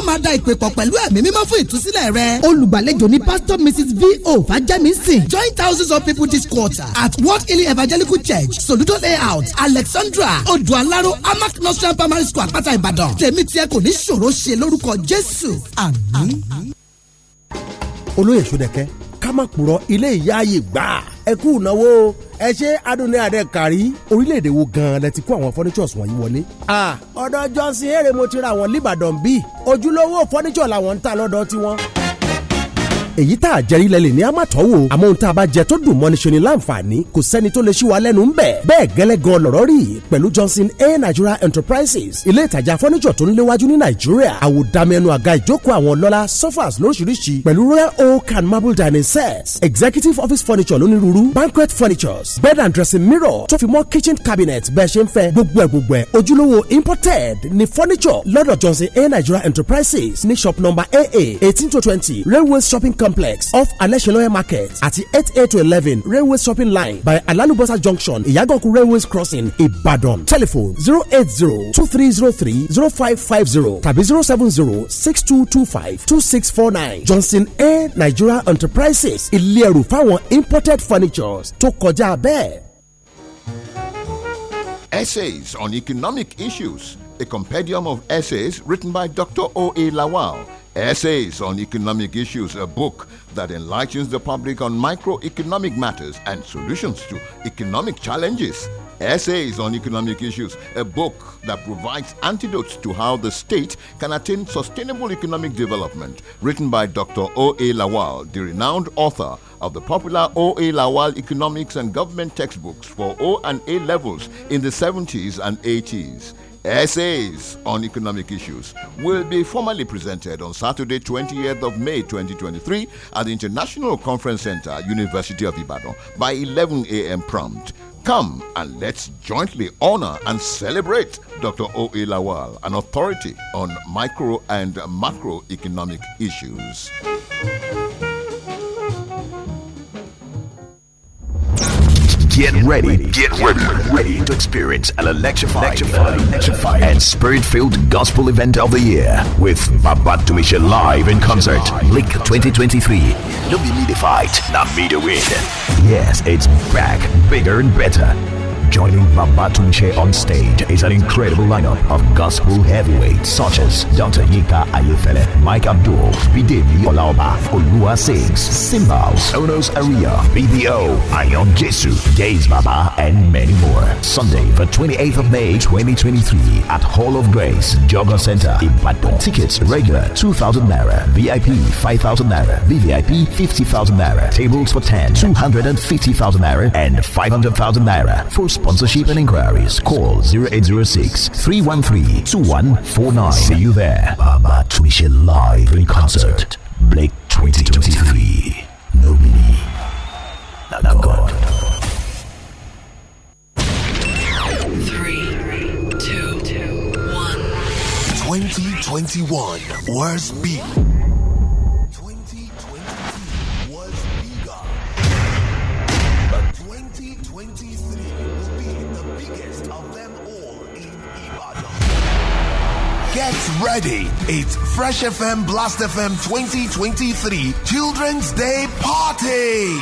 yóò máa da ìpè pọ̀ pẹ̀lú ẹ̀mí mímọ́ fún ìtúsílẹ̀ rẹ. olùgbàlejò ni pastor mrs v o fàjẹ́mísìn. join thousands of people this quarter at world healing evangelical church soludo layout alexandra odualaro amak nursery primary school àpáta ìbàdàn tèmi tiẹ̀ kò ní ṣòro ṣe lórúkọ jésù àmín. olóyè sódẹ̀kẹ́ ká má purọ́ ilé ìyá ààyè gbà ẹ kú ìnáwó ẹ ṣe adùn ní adẹ kárí. orílẹ̀-èdè wo gan-an lẹ ti kó àwọn furnitures wọ̀nyí wọlé. a ọ̀dọ̀ Johnson eré mo ti ra àwọn l'Íbàdàn bíi ojúlówó furniture làwọn ń ta lọ́dọ̀ tiwọn èyí tá a jẹrí lẹ́lẹ̀ ní amátọ́ wò àmọ́ ohun tá a bá jẹ tó dùn mọ́ni ṣe láǹfààní kò sẹ́ni tó lè ṣí lẹ́nu ń bẹ̀. bẹ́ẹ̀ gẹ́lẹ́ gan lọ̀rọ̀ rí pẹ̀lú Johnson A Nigeria Enterprises ilé ìtajà fọ́níjọ̀ tó ń léwájú ní Nàìjíríà àwòdàmẹ́nu àga ìjókòó àwọn ọlọ́lá sofas lóríṣiríṣi pẹ̀lú royal oak and marble dining sets executive office furniture lónírúurú banquet furnitures bed and dressing mirror tó fi mọ́ kitchen cabinet bẹ́ẹ̀ ṣe ń fẹ́ gbogbo ẹ̀ imported ni furniture lọ́dọ̀ Johnson A Nigeria Enterprises ní shop number AA eighteen to twenty railway shopping complex off Aneshonoye market àti eight eight to eleven railway shopping line by Alalubosa junction Ìyágànkù railways crossing Ibadan. telephone zero eight zero two three zero three zero five five zero tàbí zero seven zero six two two five two six four nine Johnson A Nigeria Enterprises ilé ẹrù fáwọn imported furnitures tó kọjá bẹ́ẹ̀. Essays on Economic Issues, a compendium of essays written by Dr. O. A. Lawal Essays on Economic Issues, a book that enlightens the public on microeconomic matters and solutions to economic challenges. Essays on Economic Issues, a book that provides antidotes to how the state can attain sustainable economic development, written by Dr. O.A. Lawal, the renowned author of the popular O.A. Lawal Economics and Government textbooks for O and A levels in the 70s and 80s. Essays on Economic Issues will be formally presented on Saturday, 28th of May 2023 at the International Conference Center, University of Ibadan by 11 a.m. prompt. Come and let's jointly honor and celebrate Dr. O.E. Lawal, an authority on micro and macroeconomic issues. Get ready, get ready, ready to experience an electrifying, electrifying and spirit-filled gospel event of the year with Babatumisha live in concert. Link 2023. No be me fight, not me the win. Yes, it's back, bigger and better. Joining Babatunche on stage is an incredible lineup of gospel heavyweights such as Dr. Yika Ayufele, Mike Abdul, Bidemi Olaoba, Olua Sings, Simbals, Onos Aria, BBO, Ayon Jesu, Days Baba, and many more. Sunday, the 28th of May 2023 at Hall of Grace, Jogger Center, Ibadan. Tickets regular 2,000 Naira, VIP 5,000 Naira, VVIP 50,000 Naira, tables for 10, 250,000 Naira, and 500,000 Naira. For sponsorship and inquiries, call 0806 313 2149. See you there. Baba Tumishe live in concert. Blake 2023. Nobody. Now God. Three, two, two, one. 2021 Worst Beat. Get ready. It's Fresh FM Blast FM 2023 Children's Day Party.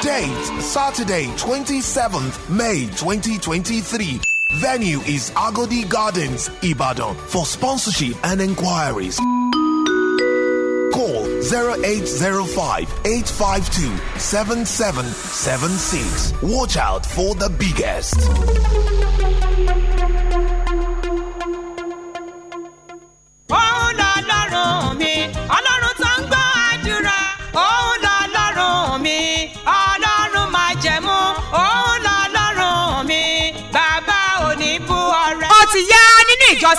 Date Saturday, 27th May 2023. Venue is Agodi Gardens, Ibadan. For sponsorship and enquiries, call 0805 852 7776. Watch out for the biggest. I know.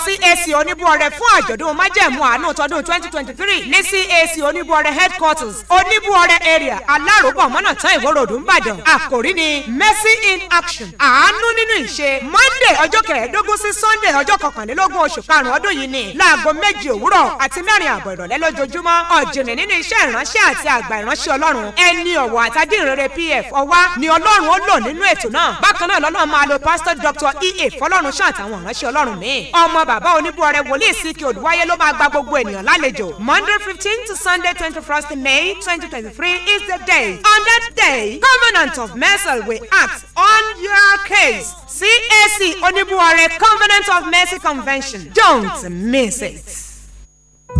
sí CAC Oníbuọrẹ fún àjọ̀dún májẹ̀mú àánú tọdún twenty twenty three ní CAC Oníbuọrẹ headquarters Oníbuọrẹ area alárògbọ̀n mọ́nà tán ìwọ́rọ̀dù ńbàdàn àkòrí ni mercy in action àánú nínú ìṣe Monday ọjọ́ kẹẹ̀ẹ́dógún sí Sunday ọjọ́ kọkànlélógún oṣù karùn-ún ọdún yìí ni láago méjì òwúrọ̀ àti mẹ́rin àbọ̀ ìrọ̀lẹ́ lójoojúmọ́ ọ̀jìnlẹ̀ nínú iṣẹ́ ìránṣẹ́ àti àgbà ìránṣẹ́ Ọlọ́run ẹni ọ̀wọ̀ àtàdínrere PF ọwá ni Ọlọ́run ó lò nínú ètò náà bákan náà lọ́lọ́run máa lo Pastor Dr. EA Fọlọ́runṣọ́ àtàwọn ìránṣẹ́ Ọlọ́run míì ọmọ bàbá oníbúrọ̀rẹ́ wòlíì síkì olùwáyé ló máa gba gbogbo ènìyàn lálejò monday fifteen to sunday twenty first may twenty twenty three is the day on that day covenant of mercy will act on your case cac oníbúrọ̀rẹ́ covenant of mercy convention don't miss it.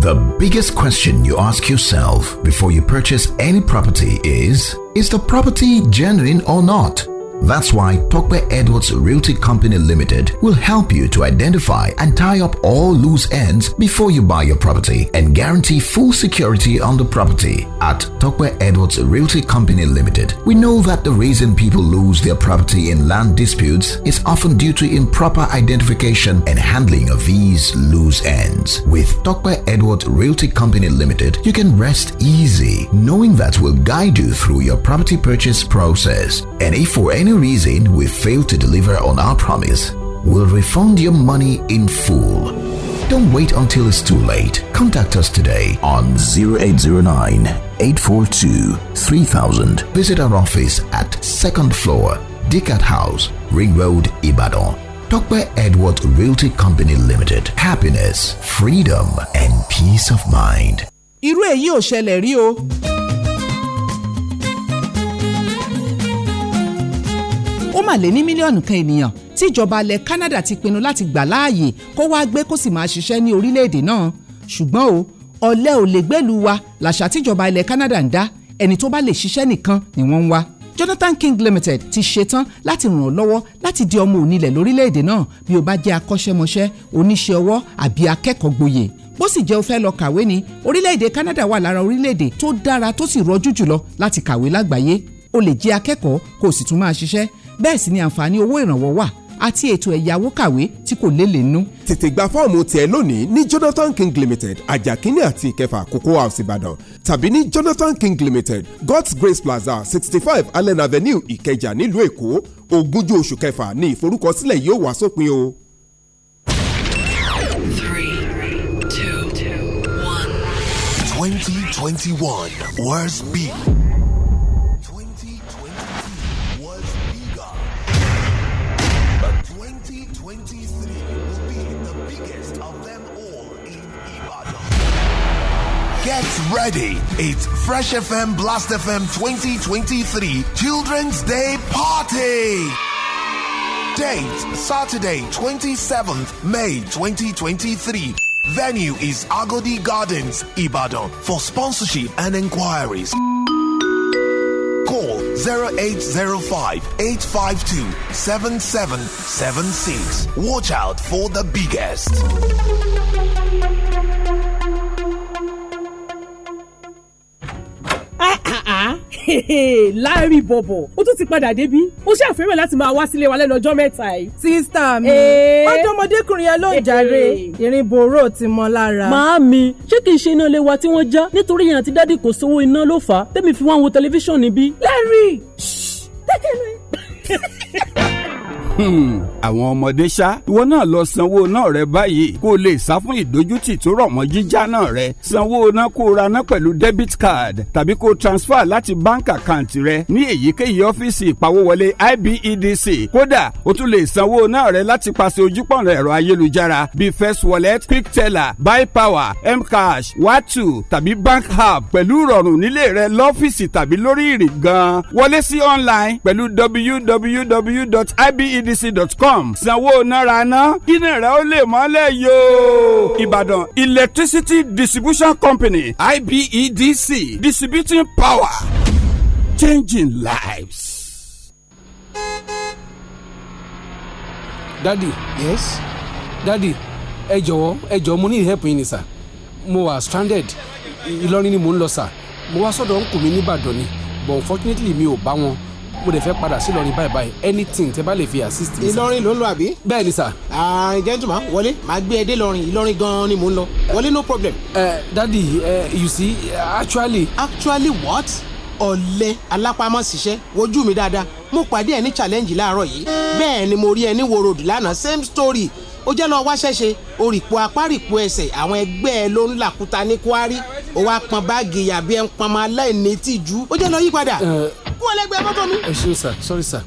The biggest question you ask yourself before you purchase any property is Is the property genuine or not? That's why Tokwe Edwards Realty Company Limited will help you to identify and tie up all loose ends before you buy your property and guarantee full security on the property. At Tokwe Edwards Realty Company Limited, we know that the reason people lose their property in land disputes is often due to improper identification and handling of these loose ends. With Tokwe Edwards Realty Company Limited, you can rest easy knowing that we'll guide you through your property purchase process. And if for any any reason we fail to deliver on our promise, we'll refund your money in full. Don't wait until it's too late. Contact us today on 0809 842 3000. Visit our office at 2nd floor, Dickard House, Ring Road, Ibadan. Talk by Edward Realty Company Limited. Happiness, freedom, and peace of mind. irú èyí o lé ní mílíọ̀nù kan ènìyàn tí ìjọba ilẹ̀ Canada ti pinnu láti gbà láàyè kó wá gbé kó sì máa ṣiṣẹ́ ní orílẹ̀-èdè náà ṣùgbọ́n o ọ̀lẹ ò lè gbẹ́lu wa làṣà tíjọba ilẹ̀ Canada ń dá ẹni tó bá lè ṣiṣẹ́ nìkan ni wọ́n ń wá Jonathan King Limited ti ṣetán láti ràn ọ́ lọ́wọ́ láti di ọmọ onílẹ̀ lórílẹ̀‐èdè náà bí o bá jẹ́ akọ́ṣẹ́mọṣẹ́ oníṣẹ́ ọwọ́ àbí akẹ́kọ̀ọ́ gboyè bó sì jẹ́ o fẹ́ lọ kàwé ní orílẹ̀‐èdè Canada wà lára orílẹ̀‐èdè tó dára tó sì rọjú jùlọ láti kàwé lágbàáyé o lè jẹ́ akẹ́kọ̀ọ́ kó o sì tún máa ṣiṣẹ́ bẹ́ẹ̀ sì ni àǹfààní owó ìrànwọ́ wà àti ètò ẹ̀yáwó kàwé tí kò lélẹ̀ nú. tètè gba fọ́ọ̀mù tiẹ̀ lónìí ní Jonathan King Limited ajakini àti ìkẹfà Cocoa House Ìbàdàn tàbí ní Jonathan King Limited God's Grace Plaza sixty five Allen Avenue Ìkẹjà nílùú Èkó ogúnjọ́ oṣù kẹfà ni ìforúkọsílẹ̀ yóò wá sópin o. twenty twenty one words beat. ready. It's Fresh FM Blast FM 2023 Children's Day Party. Date Saturday, 27th May 2023. Venue is Agodi Gardens, Ibadan. For sponsorship and inquiries, call 0805 852 7776. Watch out for the biggest. láàrin bọ̀bọ̀ ó tún ti padà débí ó ṣe àfẹ́rẹ́ láti máa wá sílé wa lẹ́nu ọjọ́ mẹ́ta yìí. sísítà mi eh. ọ̀dọ́mọdékùnrin yẹn ló ń eh, jàre ìrìn eh. bòró ti mọ lára. màámi ṣé kìí ṣe iná ilé wa tí wọ́n já nítorí yẹn àti dádì kò sówó iná ló fà á tẹ́mi fi wá wo tẹlifíṣàn níbí. lẹ́rìí ṣí tẹ́kẹ̀ Hmm, àwọn ọmọdé ṣá ìwọ náà lọ sanwó náà rẹ báyìí kó o lè sá fún ìdójútì tó rọ̀ mọ́ jíjá náà rẹ sanwó náà kó o ra náà pẹ̀lú debit card tàbí kó o transfer láti bank account rẹ ní èyíkéyìí ọ́fíìsì ìpawówọlé IBEDC kódà o tún lè sanwó náà rẹ láti pàṣẹ ojúpọ̀nrẹ̀ ẹ̀rọ ayélujára bíi first wallet quick teller buy power mcash watu tàbí bank app pẹ̀lú ìrọ̀rùn nílé rẹ lọ́fíìsì tàbí lórí ìrìn gan wọlé sí online pẹ̀lú www.ibed ncdc.com sanwó náírà ná kí ni rẹ ó lè mọ́lẹ̀ yóò. ìbàdàn electricity distribution company ibedc distributing power changing lives. dadi yes dadi ẹ jọ̀wọ́ ẹ jọ̀ọ́ mo ní help yín ni sà mo wà stranded ìlọrin ni mo ń lọ sà mo wá sọ́dọ̀ ń nìbàdàn ni but unfortunately mi ò bá wọn mo dẹ̀ fẹ́ padà sí Ìlọrin báyìí báyìí anything tẹ bá lè fi assist mi. Ìlọrin ló ń lọ àbí. bẹ́ẹ̀ ni sà. ààrin wọlé màá gbé ẹ dé lọrin Ìlọrin gan-an ni mò ń lọ wọlé no problem. ẹ uh, dadi you see actually. actually what? ọ̀lẹ alápámọ́síṣẹ́ wojú mi dáadáa mo pàdé ẹ ní challenge láàárọ̀ yìí bẹ́ẹ̀ ni mo rí ẹ ní wo road lánàá same story ó jẹ́ lọ́ọ́ wáṣẹ́ṣe orìpọ̀ apárìpọ̀ ẹsẹ̀ àwọn ẹgbẹ́ ẹ ló ń làkúta ní kwari ó wá pọn báàgì yàbí ẹ ń pọn ọmọ aláìní tìjú ó jẹ́ lọ́ọ́ yípadà kú ọlẹ́gbẹ̀ẹ́ mọ́tò mi. ẹ ṣeun sir sorry sir.